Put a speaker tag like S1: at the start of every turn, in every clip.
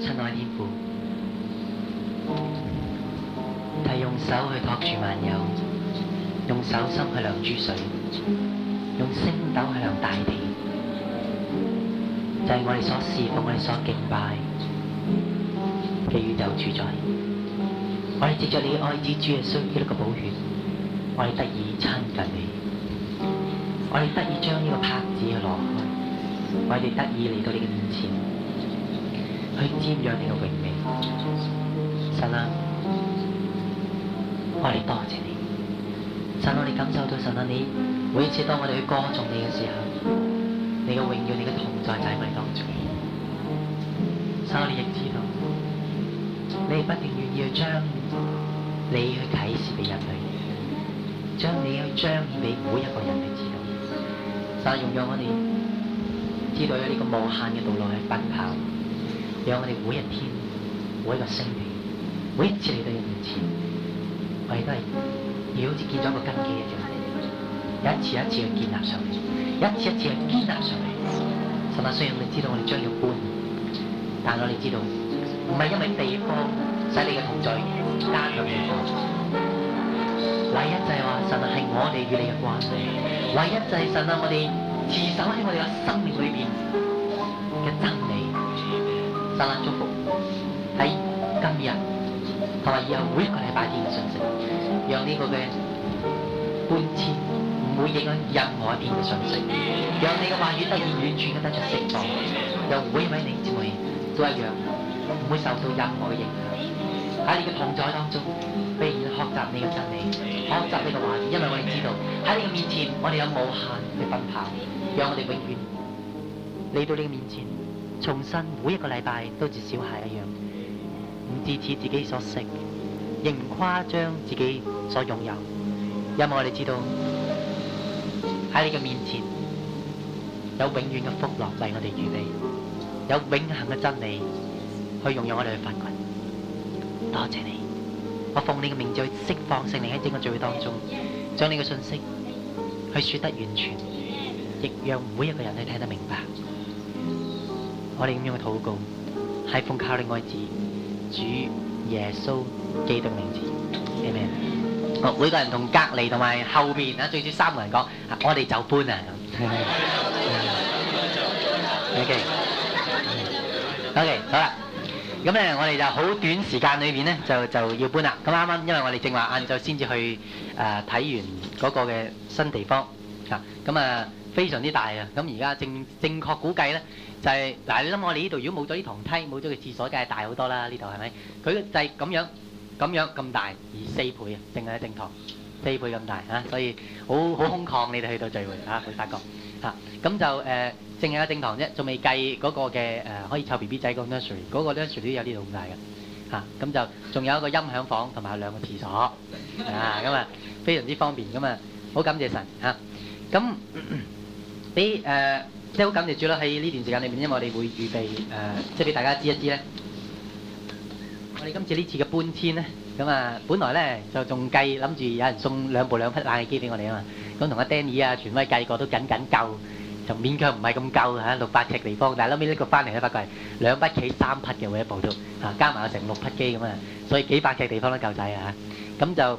S1: 親愛天父，係、就是、用手去托住萬有，用手心去量珠水，用星斗去量大地，就係、是、我哋所侍奉、我哋所敬拜嘅宇宙主宰。我哋藉着你愛之珠嘅聖潔嘅寶血，我哋得以親近你，我哋得以將呢個帕子攞開，我哋得以嚟到你嘅面前。去瞻仰你嘅榮美，神啊！我哋多謝你，神，我哋感受到神啊！你每次當我哋去歌頌你嘅時候，你嘅榮耀、你嘅同在就喺咪當中。神啊！你亦知道，你不停願意去將你去啟示俾人類，將你去將俾每一個人類知道。神啊，容讓我哋知道有呢個無限嘅道路去奔跑。讓我哋每一天、每一個星期、每一次嚟到你面前，我哋都係，要好似見咗一個根基一樣，一次一次去建立上嚟，一次一次去建立上嚟。神啊，雖然我哋知道我哋將要搬，但係我哋知道，唔係因為地方使你嘅同聚加強嘅地方。唯一就係話，啊，神啊，係我哋與你嘅關係。唯一就係神啊，我哋駐守喺我哋嘅生命裏邊。神祝福喺今日同埋以後每一個禮拜天嘅信息，讓呢個嘅搬遷唔會影響任何一天嘅信息，讓你嘅話語得以完全嘅得出釋放，讓每一位弟兄姊妹都一樣，唔會受到任何影響。喺你嘅同在當中，並學習你嘅真理，學習你嘅話語，因為我哋知道喺你嘅面前，我哋有無限嘅奔跑，讓我哋永遠嚟到你嘅面前。重新，每一個禮拜都似小孩一樣，唔自恃自己所識，亦唔誇張自己所擁有，因為我哋知道喺你嘅面前有永遠嘅福樂為我哋預備，有永恆嘅真理去擁有我哋嘅發掘。多謝你，我奉你嘅名就去釋放聖靈喺整個聚會當中，將你嘅信息去說得完全，亦讓每一個人都聽得明白。我哋咁樣嘅禱告係奉靠你愛子主耶穌基督嘅名字，Amen。好，每個人同隔籬同埋後面啊，最少三個人講，我哋就搬啊。
S2: OK，
S1: OK，好啦。咁咧，我哋就好短時間裏面咧，就就要搬啦。咁啱啱，因為我哋正話晏晝先至去誒睇完嗰個嘅新地方啊，咁啊非常之大啊。咁而家正正確估計咧。就係嗱，你諗我哋呢度如果冇咗啲堂梯，冇咗個廁所，梗係大好多啦。呢度係咪？佢就係咁樣咁樣咁大，而四倍啊，淨係一正堂四倍咁大嚇，所以好好空曠。你哋去到聚會嚇會發覺嚇，咁就誒，淨係一正堂啫，仲未計嗰個嘅誒可以湊 B B 仔個 nursery，嗰個 nursery 都有呢度咁大嘅嚇。咁就仲有一個音響房同埋兩個廁所啊，咁啊，非常之方便噶嘛。好感謝神嚇。咁俾誒？即係好感謝主啦！喺呢段時間裏面，因為我哋會預備誒，即係俾大家知一知咧。我哋今次呢次嘅搬遷咧，咁啊，本來咧就仲計諗住有人送兩部兩匹冷氣機俾我哋啊嘛。咁同阿 Danny 啊，權威計過都僅僅夠，就勉強唔係咁夠嚇，六百呎地方。但係後尾呢個翻嚟咧，發覺係兩匹企三匹嘅每一部都嚇，加埋啊，成六匹機咁啊，所以幾百呎地方都夠仔啊！咁就。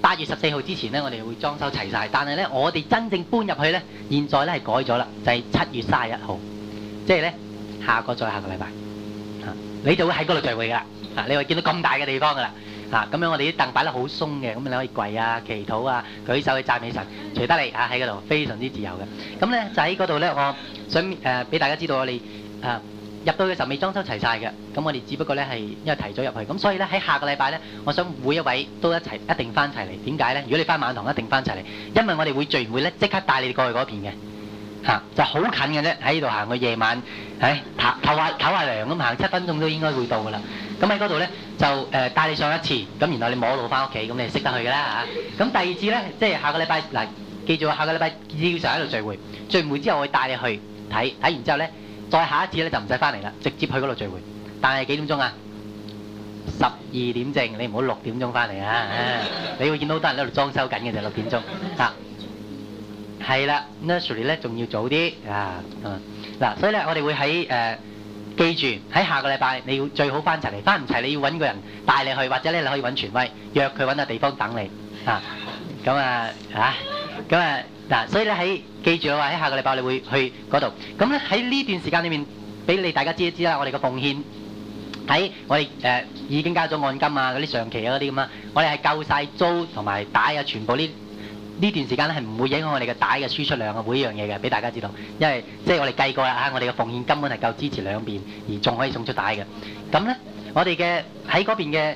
S1: 八月十四號之前呢，我哋會裝修齊晒。但係呢，我哋真正搬入去呢，現在呢，係改咗啦，就係、是、七月三十一號，即係呢，下個再下個禮拜嚇，你就會喺嗰度聚會㗎嚇。你會見到咁大嘅地方㗎啦嚇，咁、啊、樣我哋啲凳擺得好鬆嘅，咁、啊、你可以跪啊、祈禱啊、舉手去讚美神，隨得你啊，喺嗰度非常之自由嘅。咁、啊、呢，就喺嗰度呢，我想誒俾、呃、大家知道我哋啊。入到去就未裝修齊曬嘅，咁我哋只不過呢係因為提早入去，咁所以呢，喺下個禮拜呢，我想每一位都一齊一定翻齊嚟。點解呢？如果你翻晚堂一定翻齊嚟，因為我哋會聚會呢，即刻帶你哋過去嗰邊嘅。再下一次咧就唔使翻嚟啦，直接去嗰度聚會。但係幾點鐘啊？十二點正，你唔好六點鐘翻嚟啊！ 你會見到多人喺度裝修緊嘅就六點鐘。嚇、啊，係啦，naturally 咧仲要早啲啊。嗱、啊啊，所以咧我哋會喺誒、啊，記住喺下個禮拜你要最好翻齊嚟，翻唔齊你要揾個人帶你去，或者咧你可以揾傳威約佢揾個地方等你。啊，咁啊啊！啊咁啊嗱，所以咧喺記住我話喺下個禮拜我哋會去嗰度。咁咧喺呢段時間裏面，俾你大家知一知啦，我哋嘅奉獻喺我哋誒、呃、已經交咗按金啊、嗰啲上期啊嗰啲咁啦，我哋係夠晒租同埋帶啊，全部呢呢段時間咧係唔會影響我哋嘅帶嘅輸出量啊，每一樣嘢嘅俾大家知道。因為即係我哋計過啦嚇、啊，我哋嘅奉獻根本係夠支持兩邊，而仲可以送出帶嘅。咁、嗯、咧，我哋嘅喺嗰邊嘅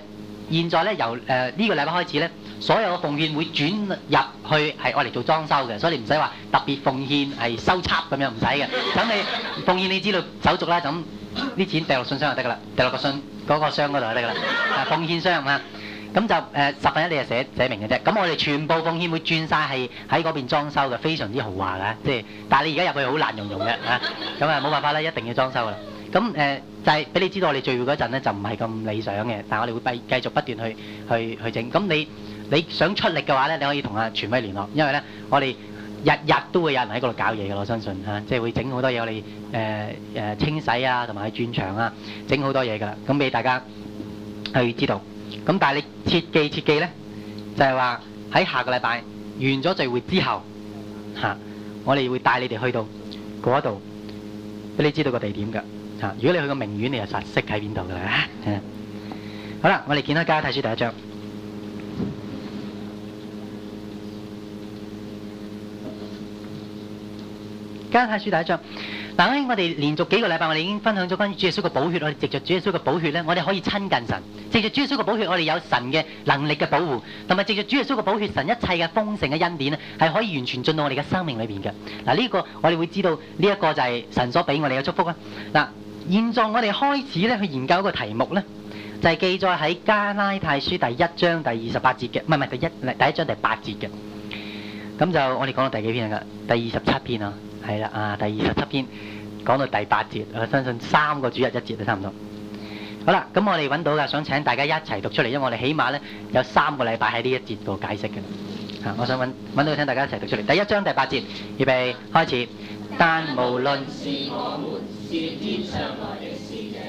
S1: 現在咧，由誒呢、呃這個禮拜開始咧。所有嘅奉獻會轉入去係我嚟做裝修嘅，所以你唔使話特別奉獻係收差咁樣唔使嘅。等你奉獻，你知道手續啦，就咁啲錢掉落信箱就得㗎啦，掉落個信嗰個箱嗰度就得㗎啦。奉獻箱啊，咁就誒十分一你就寫寫明嘅啫。咁我哋全部奉獻會轉曬係喺嗰邊裝修嘅，非常之豪華㗎，即係。但係你而家入去好難用用嘅嚇，咁啊冇辦法啦，一定要裝修啦。咁誒就係俾你知道，我哋聚會嗰陣咧就唔係咁理想嘅，但係我哋會繼繼續不斷去去去整。咁你。你想出力嘅話咧，你可以同阿傳威聯絡，因為咧我哋日日都會有人喺嗰度搞嘢嘅，我相信嚇，即係會整好多嘢，我哋誒誒清洗啊，同埋轉場啊，整好多嘢㗎啦，咁俾大家去知道。咁但係你切記切記咧，就係話喺下個禮拜完咗聚會之後嚇、啊，我哋會帶你哋去到嗰度俾你知道個地點㗎嚇、啊。如果你去個名苑，你就實識喺邊度㗎啦。好啦，我哋見開家睇書第一章。加拉太書第一章嗱，但我哋連續幾個禮拜，我哋已經分享咗關於主耶穌嘅寶血。我哋藉住主耶穌嘅寶血咧，我哋可以親近神。藉住主耶穌嘅寶血，我哋有神嘅能力嘅保護，同埋藉住主耶穌嘅寶血，神一切嘅豐盛嘅恩典咧，係可以完全進到我哋嘅生命裏邊嘅嗱。呢、這個我哋會知道呢一、這個就係神所俾我哋嘅祝福啊。嗱。現在我哋開始咧去研究一個題目咧，就係、是、記載喺加拉太書第一章第二十八節嘅，唔係唔係第一第一章第八節嘅，咁就我哋講到第幾篇啊？第二十七篇啊。係啦，啊，第二十七篇講到第八節，我相信三個主日一節都差唔多。好啦，咁我哋揾到嘅，想請大家一齊讀出嚟，因為我哋起碼呢有三個禮拜喺呢一節度解釋嘅。啊，我想揾揾到請大家一齊讀出嚟。第一章第八節，預備開始。但無論是我們是天上來的使者，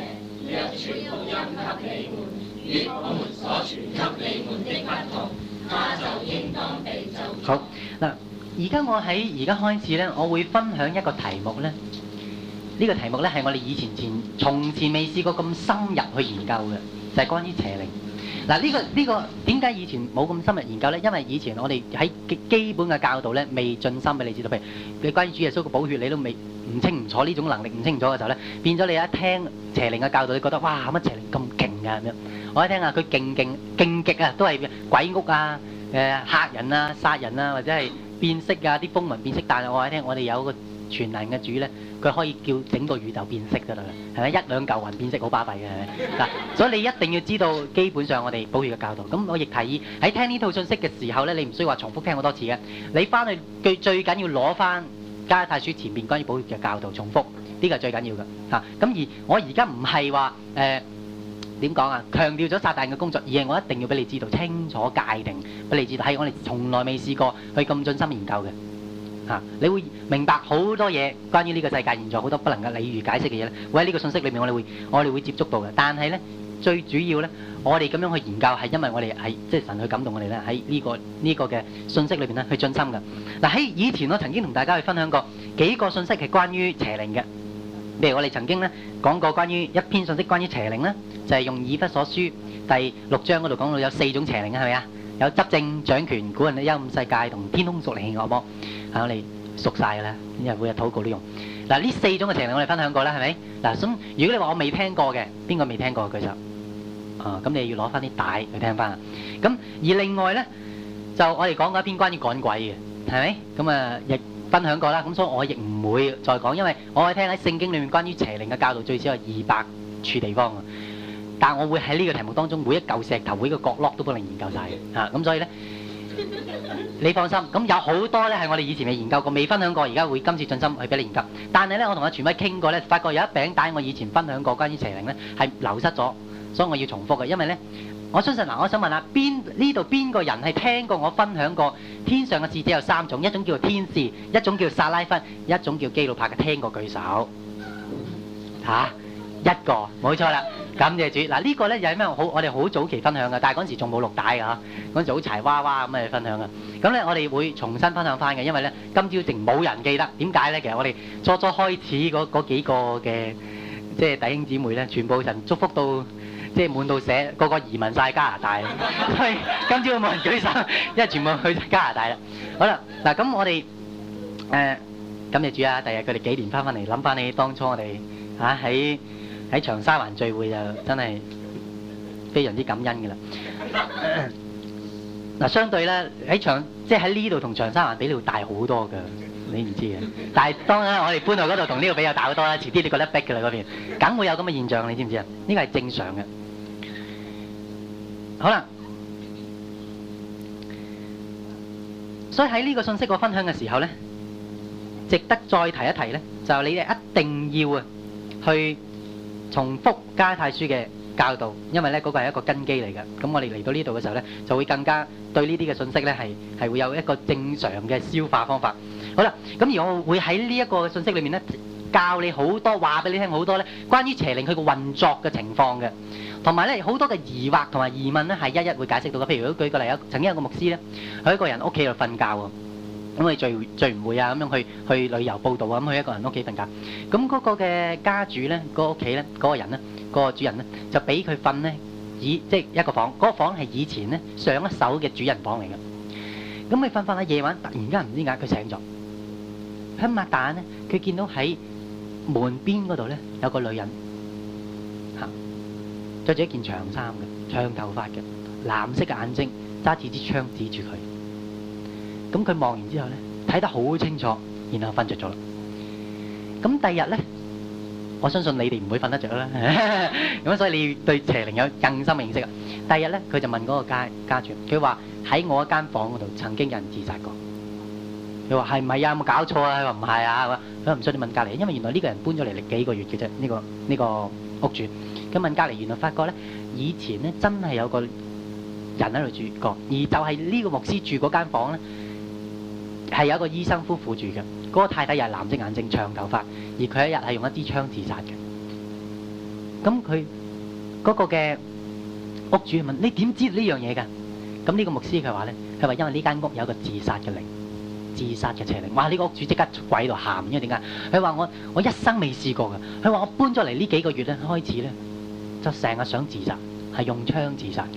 S1: 若傳福音給你們，與我們所傳給
S2: 你們的不同，他就應當
S1: 被咒詛。好，嗱。而家我喺而家開始咧，我會分享一個題目咧。呢個題目咧係我哋以前前從前未試過咁深入去研究嘅，就係關於邪靈嗱。呢個呢個點解以前冇咁深入研究咧？因為以前我哋喺基本嘅教導咧，未盡心畀你知道，譬如你關於主耶穌嘅寶血，你都未唔清唔楚呢種能力唔清楚嘅時候咧，變咗你一聽邪靈嘅教導，你覺得哇乜邪靈咁勁㗎咁樣？我一聽下，佢勁勁勁極啊，都係鬼屋啊、誒嚇人啊、殺人啊，或者係。變色㗎，啲風雲變色，但係我話你聽我哋有個全能嘅主呢，佢可以叫整個宇宙變色㗎啦，係咪一兩嚿雲變色好巴閉嘅？嗱， 所以你一定要知道，基本上我哋保育嘅教導。咁我亦提議喺聽呢套信息嘅時候呢，你唔需要話重複聽好多次嘅。你翻去，最最緊要攞翻《加太書》前面關於保育嘅教導重複，呢個係最緊要嘅。嚇、啊，咁而我而家唔係話誒。呃點講啊，強調咗撒旦嘅工作，而係我一定要俾你知道清楚界定，俾你知道係我哋從來未試過去咁盡心研究嘅。譬如我哋曾經咧講過關於一篇信息，關於邪靈咧，就係用《以弗所書》第六章嗰度講到有四種邪靈，係咪啊？有執政掌權、古人的幽暗世界同天空屬靈惡魔，我哋熟曬㗎啦，因為每日禱告都用。嗱，呢四種嘅邪靈我哋分享過啦，係咪？嗱，咁如果你話我未聽過嘅，邊個未聽過？舉手啊，咁你要攞翻啲帶去聽翻啊。咁而另外咧，就我哋講過一篇關於趕鬼嘅，係咪？咁啊日，分享過啦，咁所以我亦唔會再講，因為我去聽喺聖經裡面關於邪靈嘅教導最少 so 有二百處地方。但係我會喺呢個題目當中，每一嚿石頭，每個角落都幫你研究晒。咁所以呢，你放心。咁有好多呢係我哋以前未研究過、未分享過，而家會今次盡心去俾你研究。但係呢，我同阿全威傾過呢，發覺有一餅帶我以前分享過關於邪靈呢係流失咗，所以我要重複嘅，因為呢。我相信嗱，我想問下邊呢度邊個人係聽過我分享過天上嘅使者有三種，一種叫做天使，一種叫撒拉芬，一種叫基路伯嘅，聽過舉手。嚇，一個冇錯啦，感謝主。嗱，呢個咧又係咩好？我哋好早期分享嘅，但係嗰陣時仲冇錄帶嘅嚇，嗰陣時好柴娃娃咁去分享嘅。咁咧我哋會重新分享翻嘅，因為咧今朝定冇人記得點解咧？其實我哋初初開始嗰嗰幾個嘅即係弟兄姊妹咧，全部人祝福到。即係滿到寫，個個移民曬加拿大，所以今朝冇人舉手，因為全部去加拿大啦。好啦，嗱咁我哋誒感謝主啊！第日佢哋幾年翻翻嚟，諗翻起當初我哋嚇喺喺長沙灣聚會，就真係非常之感恩噶啦。嗱，相對咧喺長即係喺呢度同長沙灣比，會大好多噶，你唔知嘅。但係當我哋搬到嗰度，同呢度比較大好多啦。遲啲你覺得逼噶啦嗰邊，梗會有咁嘅現象，你知唔知啊？呢個係正常嘅。好啦，所以喺呢個信息我分享嘅時候咧，值得再提一提咧，就係你哋一定要啊去重複加太書嘅教導，因為咧嗰個係一個根基嚟嘅。咁我哋嚟到呢度嘅時候咧，就會更加對呢啲嘅信息咧係係會有一個正常嘅消化方法。好啦，咁而我會喺呢一個信息裏面咧，教你好多話俾你聽好多咧，關於邪靈佢個運作嘅情況嘅。同埋咧，好多嘅疑惑同埋疑問咧，係一一會解釋到嘅。譬如，舉個例，有曾經有個牧師咧，佢一個人屋企度瞓覺喎。咁我哋聚聚唔會啊，咁樣去去旅遊報道啊，咁佢一個人屋企瞓覺。咁嗰個嘅家主咧，個屋企咧，嗰個人咧，個主人咧，就俾佢瞓咧，以即係一個房。嗰個房係以前咧上一手嘅主人房嚟嘅。咁佢瞓瞓下夜晚，突然間唔知點解佢醒咗，佢擘大眼咧，佢見到喺門邊嗰度咧有個女人嚇着住一件長衫嘅，長頭髮嘅，藍色嘅眼睛，揸住支槍指住佢。咁佢望完之後咧，睇得好清楚，然後瞓著咗啦。咁第二日咧，我相信你哋唔會瞓得著啦。咁所以你對邪靈有更深嘅認識啊。第二日咧，佢就問嗰個家家主，佢話，喺我間房嗰度曾經有人自殺過。佢話係唔係啊？有冇搞錯啊？佢話唔係啊。佢唔信你問隔籬，因為原來呢個人搬咗嚟嚟幾個月嘅啫。呢個呢個屋主。咁問隔離，原來發覺咧，以前咧真係有個人喺度住過，而就係呢個牧師住嗰間房咧，係有一個醫生夫婦住嘅。嗰個太太又係藍色眼睛、長頭髮，而佢一日係用一支槍自殺嘅。咁佢嗰個嘅屋主問：你點知呢樣嘢㗎？咁呢個牧師佢話咧，佢話因為呢間屋有個自殺嘅靈、自殺嘅邪靈。話呢個屋主即刻跪度喊，因為點解？佢話我我一生未試過㗎。佢話我搬咗嚟呢幾個月咧，開始咧。就成日想自殺，係用槍自殺。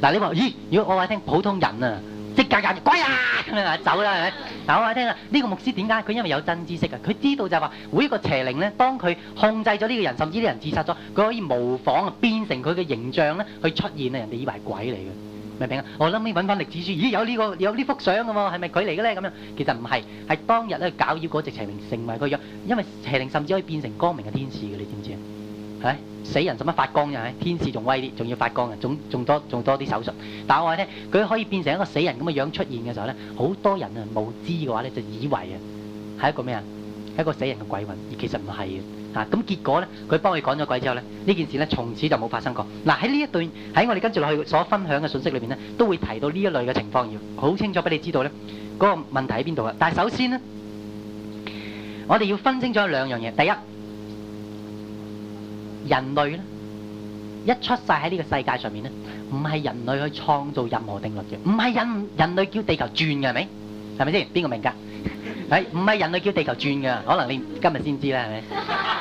S1: 嗱，你話咦？如果我話聽普通人啊，即刻揀隻鬼啊咁啊走啦，係咪？嗱，我話聽啦，呢個牧師點解？佢因為有真知識啊，佢知道就係話，每一個邪靈咧，當佢控制咗呢個人，甚至啲人自殺咗，佢可以模仿變成佢嘅形象咧，去出現啊，人哋以為係鬼嚟嘅。明唔明啊？我諗起揾翻歷史書，咦？有呢個有呢幅相嘅喎，係咪佢嚟嘅咧？咁樣其實唔係，係當日咧搞妖嗰隻邪靈成為個樣，因為邪靈甚至可以變成光明嘅天使嘅，你知唔知啊？哎、死人使乜發光嘅，啊？天使仲威啲，仲要發光嘅，啊，仲仲多仲多啲手術。但係我話咧，佢可以變成一個死人咁嘅樣出現嘅時候咧，好多人啊無知嘅話咧就以為啊，係一個咩啊係一個死人嘅鬼魂，而其實唔係啊。咁結果咧，佢幫佢趕咗鬼之後咧，呢件事咧從此就冇發生過。嗱，喺呢一段喺我哋跟住落去所分享嘅信息裏邊咧，都會提到呢一類嘅情況，要好清楚俾你知道咧嗰，那個問題喺邊度啊。但係首先呢，我哋要分清楚兩樣嘢，第一，人類咧，一出世喺呢個世界上面咧，唔係人類去創造任何定律嘅，唔係人人類叫地球轉嘅係咪？係咪先？邊個明㗎？係唔係人類叫地球轉嘅？可能你今日先知啦，係咪？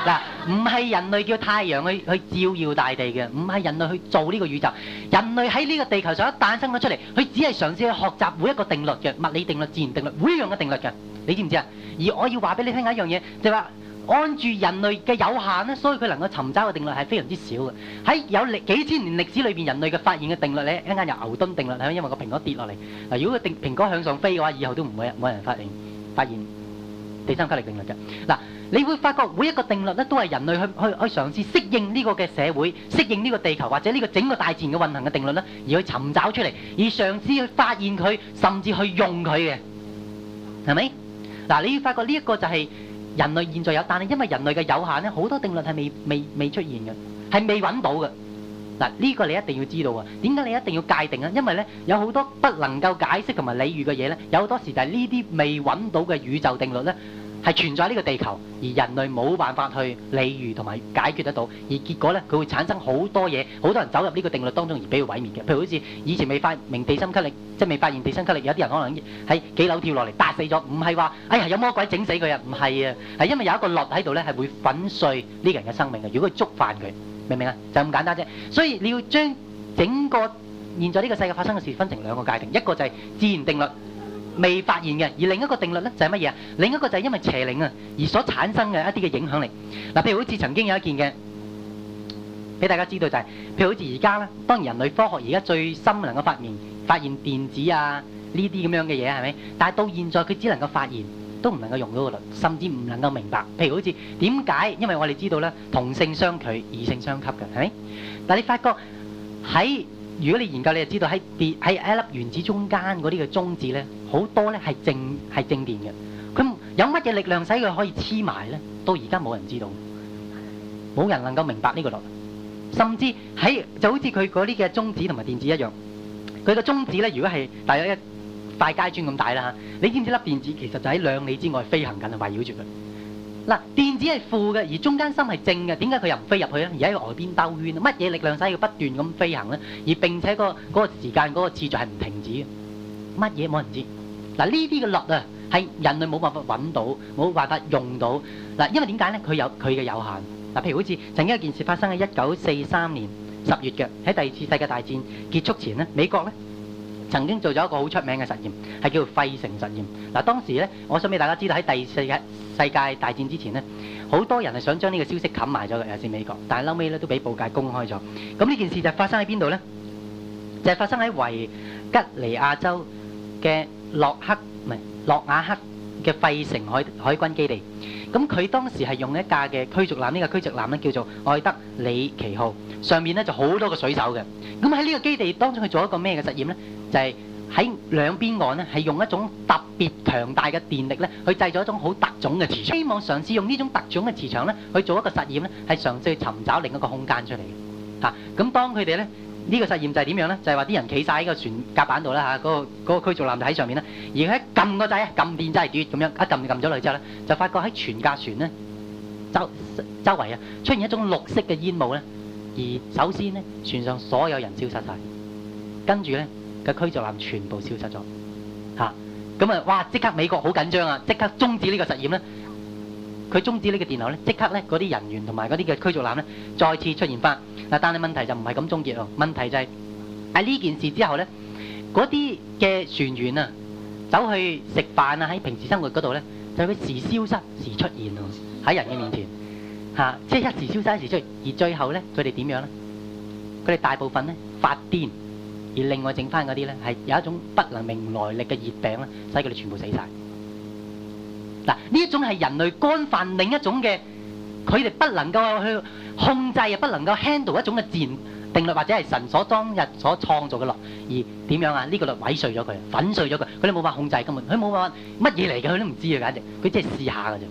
S1: 嗱，唔係人類叫太陽去去照耀大地嘅，唔係人類去做呢個宇宙。人類喺呢個地球上一誕生咗出嚟，佢只係嘗試去學習每一個定律嘅物理定律、自然定律，每一樣嘅定律嘅，你知唔知啊？而我要話俾你聽嘅一樣嘢，就係話。按住人類嘅有限呢,所以佢能夠尋找嘅定律係非常之少嘅,喺有歷幾千年歷史裏邊,人類嘅發現嘅定律呢,一間由牛頓定律,係因為個蘋果跌落嚟,嗱,如果個蘋果向上飛嘅話以後都唔會冇人發現,發現第三級力定律嘅。嗱,你會發覺每一個定律呢,都係人類去去去嘗試適應呢個嘅社會,適應呢個地球或者呢個整個大自然嘅運行嘅定律呢,而去尋找出嚟,而嘗試去發現佢,甚至去用佢嘅,係咪?嗱,你會發覺呢一個就係。人類現在有，但係因為人類嘅有限咧，好多定律係未未未出現嘅，係未揾到嘅。嗱，呢個你一定要知道啊！點解你一定要界定啊？因為呢，有好多不能夠解釋同埋理喻嘅嘢咧，有好多時就係呢啲未揾到嘅宇宙定律呢。係存在呢個地球，而人類冇辦法去理喻同埋解決得到，而結果呢，佢會產生好多嘢，好多人走入呢個定律當中而俾佢毀滅嘅。譬如好似以前未發明地心吸力，即係未發現地心吸力，有啲人可能喺幾樓跳落嚟，打死咗。唔係話，哎呀有魔鬼整死佢啊！唔係啊，係因為有一個律喺度呢，係會粉碎呢個人嘅生命嘅。如果佢觸犯佢，明唔明啊？就咁簡單啫。所以你要將整個現在呢個世界發生嘅事分成兩個界定，一個就係自然定律。未發現嘅，而另一個定律呢就係乜嘢啊？另一個就係因為邪靈啊而所產生嘅一啲嘅影響力。嗱，譬如好似曾經有一件嘅，俾大家知道就係、是，譬如好似而家呢，當然人類科學而家最深能夠發現發現電子啊呢啲咁樣嘅嘢係咪？但係到現在佢只能夠發現都唔能夠用到個律，甚至唔能夠明白。譬如好似點解？因為我哋知道呢，同性相拒，異性相吸嘅，係咪？但你發覺喺。如果你研究，你就知道喺啲喺一粒原子中間嗰啲嘅中子咧，好多咧係正係正電嘅，佢有乜嘢力量使佢可以黐埋咧？到而家冇人知道，冇人能夠明白呢個道理。甚至喺就好似佢嗰啲嘅中子同埋電子一樣，佢嘅中子咧，如果係大約一塊階磚咁大啦吓，你知唔知粒電子其實就喺兩里之外飛行緊，圍繞住佢？嗱，電子係負嘅，而中間心係正嘅，點解佢又唔飛入去呢？而喺外邊兜圈，乜嘢力量使佢不斷咁飛行呢？而並且個嗰個時間嗰個次序係唔停止嘅，乜嘢冇人知。嗱呢啲嘅律啊，係人類冇辦法揾到，冇辦法用到。嗱，因為點解呢？佢有佢嘅有限。嗱，譬如好似曾經有件事發生喺一九四三年十月嘅，喺第二次世界大戰結束前呢，美國呢曾經做咗一個好出名嘅實驗，係叫做費城實驗。嗱，當時呢，我想俾大家知道喺第四日。世界大戰之前呢，好多人係想將呢個消息冚埋咗，尤其是美國，但係嬲尾都俾報界公開咗，咁呢件事就發生喺邊度呢？喺兩邊岸呢，係用一種特別強大嘅電力呢，去製造一種好特種嘅磁場。希望嘗試用呢種特種嘅磁場呢，去做一個實驗呢，係嘗試去尋找另一個空間出嚟嘅嚇。咁、啊、當佢哋呢，呢、呢個實驗就係點樣呢？就係話啲人企晒喺個船甲板度啦嚇，嗰、啊嗰個嗰、嗰個、驅逐艦就喺上面啦，而佢喺撳個掣啊，撳電掣係咁樣一撳撳咗落之後呢，就發覺喺全架船呢，周周圍啊出現一種綠色嘅煙霧呢、啊。而首先呢，船上所有人消失晒，跟住呢，嘅驅逐艦全部消失咗，嚇！咁啊，哇！即刻美國好緊張啊，即刻終止呢個實驗咧。佢終止呢個電流咧，即刻咧嗰啲人員同埋嗰啲嘅驅逐艦咧，再次出現翻。嗱，但係問題就唔係咁終結哦。問題就係喺呢件事之後咧，嗰啲嘅船員啊，走去食飯啊，喺平時生活嗰度咧，就係佢時消失時出現喎，喺人嘅面前嚇，即係一時消失一時出現，而最後咧佢哋點樣咧？佢哋大部分咧發癲。而另外剩翻嗰啲咧，係有一種不能明來歷嘅熱病啦，使佢哋全部死晒。嗱，呢一種係人類幹犯另一種嘅，佢哋不能夠去控制，又不能夠 handle 一種嘅自然定律或者係神所當日所創造嘅 law。而點樣啊？呢、呢個就毀碎咗佢，粉碎咗佢，佢哋冇法控制根本，佢冇辦法乜嘢嚟嘅，佢都唔知啊！簡直，佢即係試下嘅啫。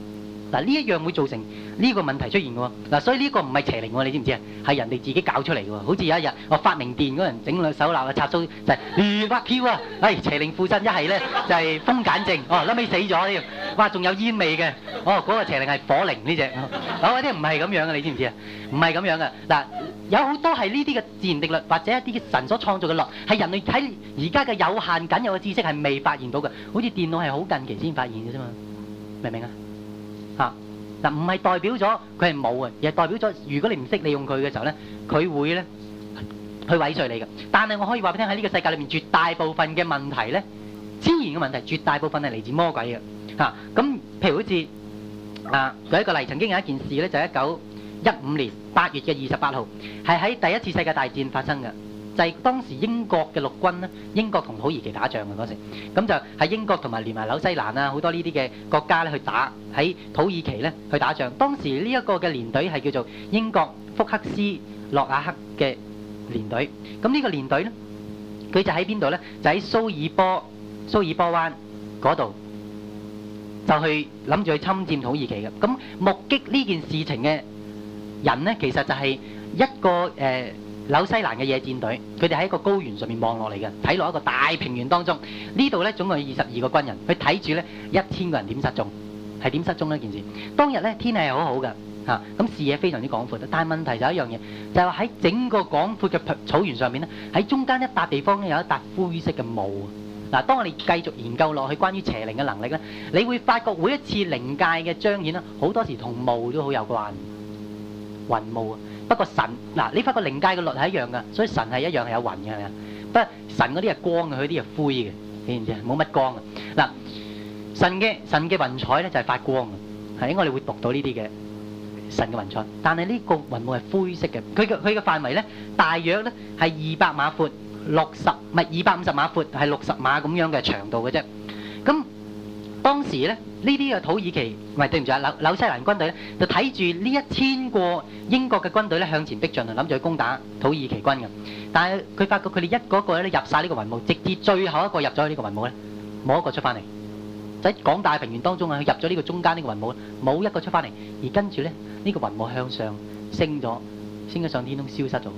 S1: 嗱，呢一樣會造成呢個問題出現嘅喎。嗱，所以呢個唔係邪靈喎，啊，你知唔知啊？係人哋自己搞出嚟嘅喎。好似有一日，我、哦、發明電嗰人整兩手立啊，插到就亂發飄啊！哎，邪靈附身一係咧就係、是、風簡症，哦，後尾死咗添。哇，仲有煙味嘅。哦，嗰、那個邪靈係火靈呢隻。好、這個，嗰啲唔係咁樣嘅，你知唔知啊？唔係咁樣嘅。嗱，有好多係呢啲嘅自然定律，或者一啲嘅神所創造嘅 law，係人類喺而家嘅有限僅有嘅知識係未發現到嘅。好似電腦係好近期先發現嘅啫嘛，明唔明啊？啊！嗱，唔係代表咗佢係冇嘅，而係代表咗如果你唔識利用佢嘅時候咧，佢會咧去毀碎你嘅。但係我可以話俾你聽喺呢個世界裏面，絕大部分嘅問題咧，天然嘅問題，絕大部分係嚟自魔鬼嘅。嚇！咁譬如好似啊，有一個例，曾經有一件事咧，就係一九一五年八月嘅二十八號，係喺第一次世界大戰發生嘅。就係當時英國嘅陸軍呢，英國同土耳其打仗嘅嗰時，咁就喺英國同埋連埋紐西蘭啊，好多呢啲嘅國家咧去打喺土耳其咧去打仗。當時呢一個嘅連隊係叫做英國福克斯洛亞克嘅連隊。咁呢個連隊呢，佢就喺邊度呢？就喺蘇爾波蘇爾波灣嗰度，就去諗住去侵佔土耳其嘅。咁目擊呢件事情嘅人呢，其實就係一個誒。紐西蘭嘅野戰隊，佢哋喺一個高原上面望落嚟嘅，睇落一個大平原當中。呢度咧總共有二十二個軍人，佢睇住咧一千個人點失蹤，係點失蹤呢一件事？當日咧天氣係好好嘅，吓咁視野非常之廣闊。但係問題就係一樣嘢，就係話喺整個廣闊嘅草原上面咧，喺中間一笪地方咧有一笪灰色嘅霧。嗱，當我哋繼續研究落去關於邪靈嘅能力咧，你會發覺每一次靈界嘅彰顯啦，好多時同霧都好有關，雲霧啊。不過神嗱，你發覺靈界嘅律係一樣噶，所以神係一樣係有雲嘅，係咪啊？不過神嗰啲係光嘅，佢啲係灰嘅，你知唔知冇乜光啊！嗱，神嘅神嘅雲彩咧就係發光嘅，係應該你會讀到呢啲嘅神嘅雲彩。但係呢個雲霧係灰色嘅，佢嘅佢嘅範圍咧，大約咧係二百碼闊六十，唔係二百五十碼闊係六十碼咁樣嘅長度嘅啫。咁。當時咧，呢啲嘅土耳其唔係對唔住啊，紐紐西蘭軍隊咧就睇住呢一千個英國嘅軍隊咧向前逼進啊，諗住去攻打土耳其軍嘅。但係佢發覺佢哋一個個咧入曬呢個雲霧，直至最後一個入咗喺呢個雲霧咧，冇一個出翻嚟。喺廣大平原當中啊，入咗呢個中間呢個雲霧，冇一個出翻嚟。而跟住咧，呢個雲霧向上升咗，升咗上天空消失咗。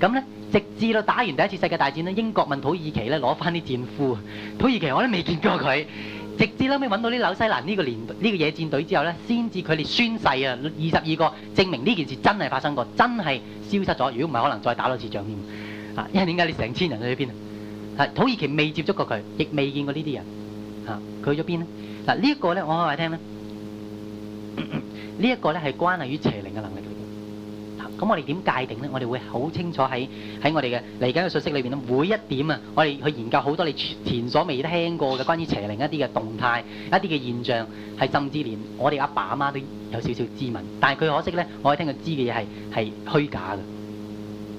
S1: 咁咧，直至到打完第一次世界大戰咧，英國問土耳其咧攞翻啲戰俘，土耳其我都未見過佢。直至後尾揾到呢，紐西蘭呢個連呢個野戰隊之後呢，先至佢哋宣誓啊！二十二個證明呢件事真係發生過，真係消失咗。如果唔係，可能再打多次仗添啊！因為點解你成千人去咗邊啊？啊，土耳其未接觸過佢，亦未見過呢啲人啊！佢去咗邊呢？嗱，呢一個呢，我講嚟聽咧，呢一個呢，係關係於邪靈嘅能力。咁我哋點界定呢？我哋會好清楚喺喺我哋嘅嚟緊嘅訊息裏邊呢，每一點啊，我哋去研究好多你前所未聞聽過嘅關於邪靈一啲嘅動態、一啲嘅現象，係甚至連我哋阿爸阿媽都有少少知聞。但係佢可惜呢，我哋聽佢知嘅嘢係係虛假嘅。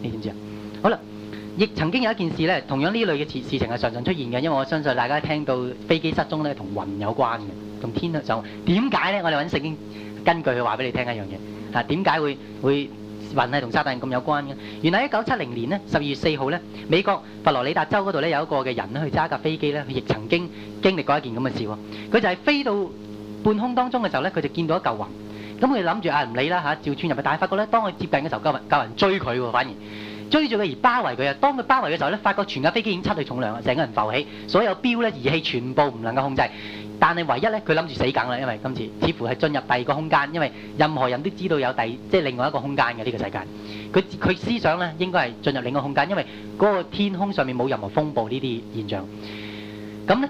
S1: 你點知啊？好啦，亦曾經有一件事呢，同樣呢類嘅事情係常常出現嘅。因為我相信大家都聽到飛機失蹤呢同雲有關嘅，同天就點解呢？我哋揾聖經根據去話俾你聽一樣嘢啊，點解會會？會雲係同沙塵咁有關嘅。原嚟一九七零年咧，十二月四號呢，美國佛羅里達州嗰度呢，有一個嘅人咧，去揸架飛機呢，佢亦曾經經歷過一件咁嘅事喎。佢就係飛到半空當中嘅時候呢，佢就見到一嚿雲。咁佢諗住啊，唔理啦嚇，照穿入去。但係發覺呢，當佢接近嘅時候，嚿雲嚿雲追佢喎，反而追住佢而包圍佢啊。當佢包圍嘅時候呢，發覺全架飛機已經失去重量啊，成個人浮起，所有標呢儀器全部唔能夠控制。但係唯一咧，佢諗住死梗啦，因為今次似乎係進入第二個空間，因為任何人都知道有第即係另外一個空間嘅呢個世界。佢佢思想咧應該係進入另外個空間，因為嗰個天空上面冇任何風暴呢啲現象。咁咧，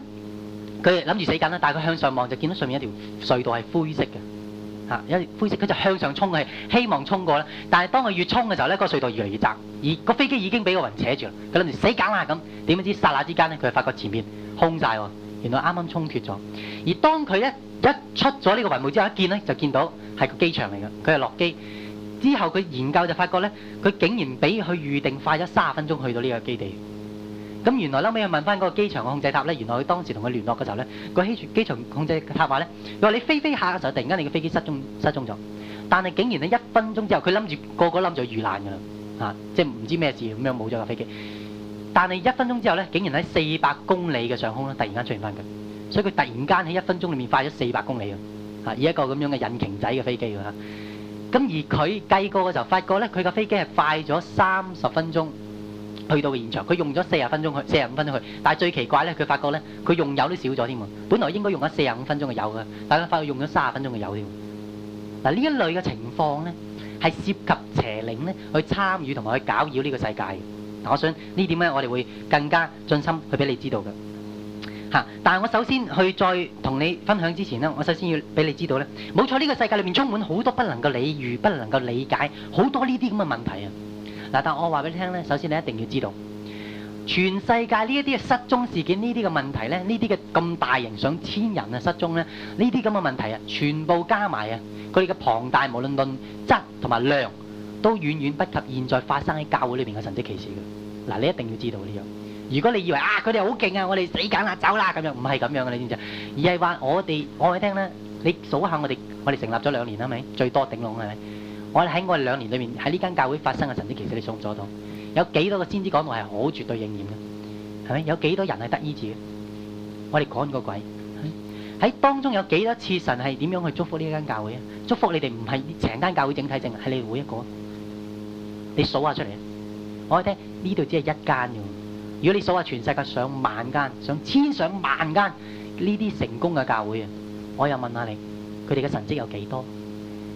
S1: 佢諗住死梗啦，但係佢向上望就見到上面一條隧道係灰色嘅嚇，有、啊、灰色，佢就向上衝去，希望衝過啦。但係當佢越衝嘅時候咧，嗰個隧道越嚟越窄，而個飛機已經俾個雲扯住啦。佢諗住死梗啦咁，點不知剎那之間咧，佢就發覺前面空晒喎。原來啱啱衝脱咗，而當佢一一出咗呢個雲霧之後，一見咧就見到係個機場嚟嘅，佢係落機。之後佢研究就發覺咧，佢竟然畀佢預定快咗三十分鐘去到呢個基地。咁原來後尾又問翻嗰個機場嘅控制塔咧，原來佢當時同佢聯絡嘅時候咧，個機場控制塔話咧，話你飛飛下嘅時候，突然間你嘅飛機失蹤失蹤咗，但係竟然咧一分鐘之後，佢諗住個個諗住遇難㗎啦，嚇、啊，即係唔知咩事咁樣冇咗架飛機。但係一分鐘之後咧，竟然喺四百公里嘅上空咧，突然間出現翻佢，所以佢突然間喺一分鐘裡面快咗四百公里㗎，嚇！以一個咁樣嘅引擎仔嘅飛機㗎啦。咁而佢計過嘅時候，發覺咧，佢架飛機係快咗三十分鐘去到現場，佢用咗四十分鐘去，四十五分鐘去。但係最奇怪咧，佢發覺咧，佢用油都少咗添喎。本來應該用咗四十五分鐘嘅油㗎，但係佢發覺用咗三十分鐘嘅油添。嗱，呢一類嘅情況咧，係涉及邪靈咧去參與同埋去攪擾呢個世界。我想呢點咧，我哋會更加盡心去俾你知道嘅。嚇！但係我首先去再同你分享之前呢，我首先要俾你知道呢：冇錯，呢個世界裏面充滿好多不能夠理喻、不能夠理解好多呢啲咁嘅問題啊！嗱，但我話俾你聽呢，首先你一定要知道，全世界呢一啲嘅失蹤事件，呢啲嘅問題呢，呢啲嘅咁大型上千人啊失蹤呢，呢啲咁嘅問題啊，全部加埋啊，佢哋嘅龐大無論論質同埋量。都遠遠不及現在發生喺教會裏面嘅神跡奇事嘅。嗱，你一定要知道呢樣。如果你以為啊，佢哋好勁啊，我哋死梗啦，走啦咁樣，唔係咁樣嘅，你知唔知啊？而係話我哋，我哋聽咧，你數下我哋，我哋成立咗兩年係咪？最多頂籠係咪？我哋喺我哋兩年裏面喺呢間教會發生嘅神跡奇事，你數唔數到？有幾多個先知講話係好絕對應驗嘅？係咪有幾多人係得醫治嘅？我哋趕個鬼喺當中有幾多次神係點樣去祝福呢間教會啊？祝福你哋唔係成間教會整體，淨係你會一個。你數下出嚟，我可以聽呢度只係一間嘅。如果你數下全世界上萬間，上千、上萬間呢啲成功嘅教會啊，我又問下你，佢哋嘅神跡有幾多？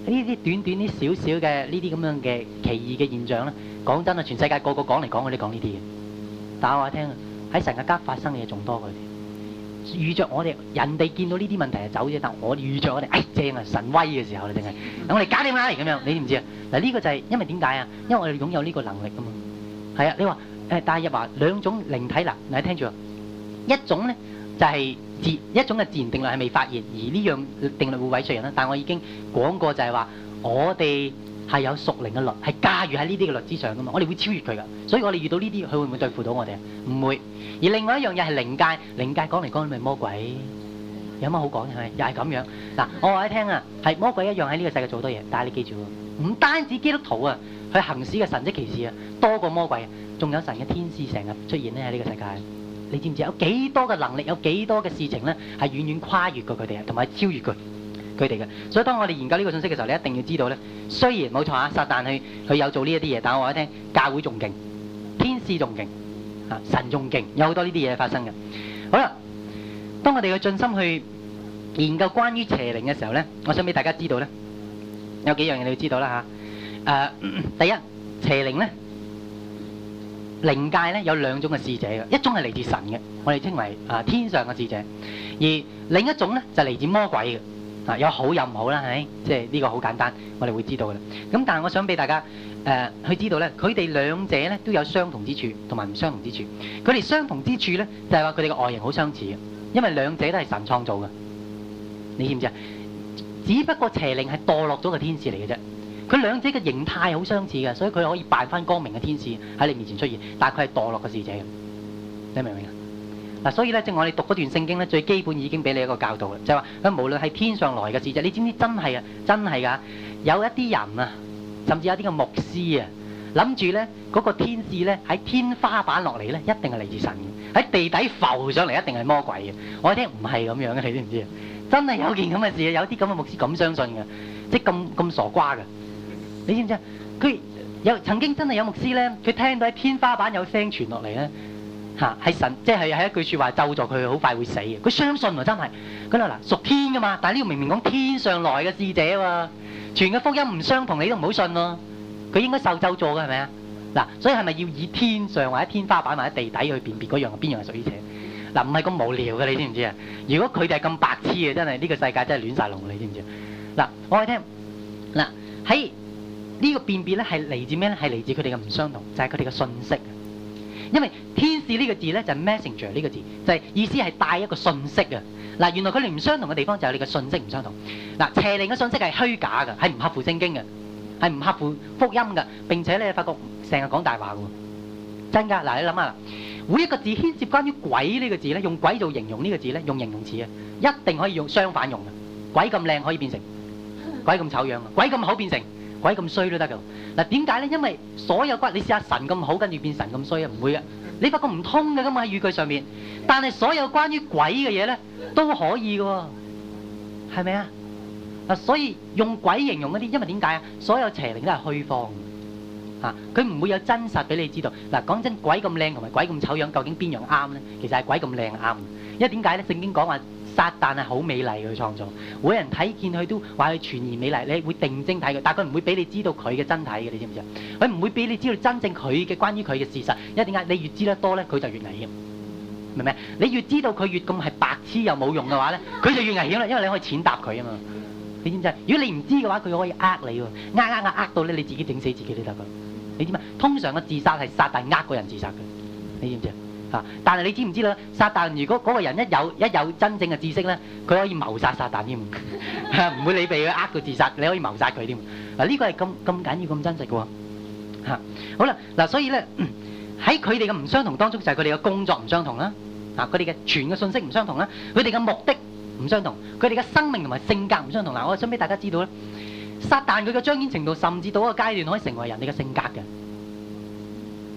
S1: 呢啲短短啲少少嘅呢啲咁樣嘅奇異嘅現象咧，講真啊，全世界個個講嚟講去都講呢啲嘅。但我話聽喺神嘅家發生嘅嘢仲多佢。預著我哋，人哋見到呢啲問題就走啫。但我預著我哋，哎正啊，神威嘅時候咧，定係，咁我哋搞掂啦咁樣？你知唔知啊？嗱，呢個就係因為點解啊？因為我哋擁有呢個能力啊嘛。係啊，你話誒，大日話兩種靈體嗱，嗱聽住啊，一種咧就係自一種嘅自然定律係未發現，而呢樣定律會毀罪人啦。但我已經講過就係話我哋。係有屬靈嘅律，係駕馭喺呢啲嘅律之上噶嘛。我哋會超越佢噶，所以我哋遇到呢啲，佢會唔會對付到我哋啊？唔會。而另外一樣嘢係靈界，靈界講嚟講去咪魔鬼，有乜好講嘅係咪？又係咁樣嗱，我話你聽啊，係魔鬼一樣喺呢個世界做好多嘢。但係你記住喎，唔單止基督徒啊，佢行使嘅神蹟奇事啊，多過魔鬼啊，仲有神嘅天使成日出現呢，喺呢個世界。你知唔知有幾多嘅能力，有幾多嘅事情呢？係遠遠跨越過佢哋啊，同埋超越佢？佢哋嘅，所以當我哋研究呢個信息嘅時候，你一定要知道咧。雖然冇錯啊，撒旦去佢有做呢一啲嘢，但係我話你聽，教會仲勁，天使仲勁，啊神仲勁，有好多呢啲嘢發生嘅。好啦，當我哋嘅盡心去研究關於邪靈嘅時候咧，我想俾大家知道咧，有幾樣嘢你要知道啦嚇。誒，第一，邪靈咧靈界咧有兩種嘅使者嘅，一種係嚟自神嘅，我哋稱為啊天上嘅使者；而另一種咧就嚟自魔鬼嘅。嗱，有好有唔好啦，係，即係呢個好簡單，我哋會知道嘅啦。咁但係我想俾大家誒，去、呃、知道咧，佢哋兩者咧都有相同之處同埋唔相同之處。佢哋相同之處咧，就係話佢哋嘅外形好相似，因為兩者都係神創造嘅。你知唔知啊？只不過邪靈係墮落咗嘅天使嚟嘅啫。佢兩者嘅形態好相似嘅，所以佢可以扮翻光明嘅天使喺你面前出現，但係佢係墮落嘅使者。你明唔明啊？嗱，所以咧，即係我哋讀嗰段聖經咧，最基本已經俾你一個教導啦，就係話，無論係天上來嘅事啫，你知唔知真係啊？真係㗎，有一啲人啊，甚至有啲嘅牧師啊，諗住咧嗰個天使咧喺天花板落嚟咧，一定係嚟自神嘅；喺地底浮上嚟一定係魔鬼嘅。我一聽唔係咁樣嘅，你知唔知啊？真係有件咁嘅事，有啲咁嘅牧師咁相信嘅，即係咁咁傻瓜㗎。你知唔知啊？佢有曾經真係有牧師咧，佢聽到喺天花板有聲傳落嚟咧。嚇喺神，即係係一句説話咒詛佢，好快會死嘅。佢相信啊，真係佢啦嗱，屬天噶嘛。但係呢個明明講天上來嘅智者喎，啊，全嘅福音唔相同，你都唔好信咯，啊。佢應該受咒詛嘅係咪啊？嗱，所以係咪要以天上或者天花板或者地底去辨別嗰樣邊樣係屬於邪？嗱，啊，唔係咁無聊嘅，你知唔知啊？如果佢哋係咁白痴嘅，真係呢，這個世界真係亂晒龍，你知唔知？嗱，啊，我哋聽嗱喺呢個辨別咧，係嚟自咩咧？係嚟自佢哋嘅唔相同，就係佢哋嘅信息。因為天使呢個字咧就 messenger 呢個字，就係意思係帶一個信息啊！嗱，原來佢哋唔相同嘅地方就係你嘅信息唔相同。嗱，邪靈嘅信息係虛假嘅，係唔合乎聖經嘅，係唔合乎福音嘅。並且咧，發覺成日講大話嘅喎，真㗎！嗱，你諗下啦，每一個字牽涉關於鬼呢個字咧，用鬼做形容呢個字咧，用形容詞啊，一定可以用相反用嘅。鬼咁靚可以變成鬼咁醜樣，鬼咁好變成。鬼咁衰都得㗎，嗱，點解呢？因為所有鬼，你試下神咁好，跟住變神咁衰啊，唔會嘅。你發覺唔通㗎嘛，喺語句上面，但係所有關於鬼嘅嘢呢都可以㗎喎，係咪啊？嗱，所以用鬼形容嗰啲，因為點解啊？所有邪靈都係虛謊啊，佢唔會有真實俾你知道。嗱，講真，鬼咁靚同埋鬼咁醜樣，究竟邊樣啱呢？其實係鬼咁靚啱，因為點解呢？聖經講話。撒旦係好美麗嘅，佢創造，每人睇見佢都話佢全然美麗，你會定睛睇佢，但佢唔會俾你知道佢嘅真體嘅，你知唔知啊？佢唔會俾你知道真正佢嘅關於佢嘅事實，因為點解？你越知得多咧，佢就越危險，明唔明？你越知道佢越咁係白痴又冇用嘅話咧，佢就越危險啦，因為你可以踐踏佢啊嘛，你知唔知？如果你唔知嘅話，佢可以呃你喎，呃呃呃呃到你，你自己整死自己都得噶，你知嘛？通常嘅自殺係撒旦呃個人自殺嘅，你知唔知啊？啊！但係你知唔知道，撒旦如果嗰個人一有、一有真正嘅知識咧，佢可以謀殺撒旦添，唔 會你被佢呃佢自殺，你可以謀殺佢添。嗱、這、呢個係咁咁緊要、咁真實嘅喎、啊。好啦，嗱、啊、所以咧，喺佢哋嘅唔相同當中，就係佢哋嘅工作唔相同啦。啊，佢哋嘅傳嘅信息唔相同啦，佢哋嘅目的唔相同，佢哋嘅生命同埋性格唔相同。嗱、啊，我想俾大家知道咧，撒旦佢嘅彰顯程度，甚至到一個階段可以成為人哋嘅性格嘅，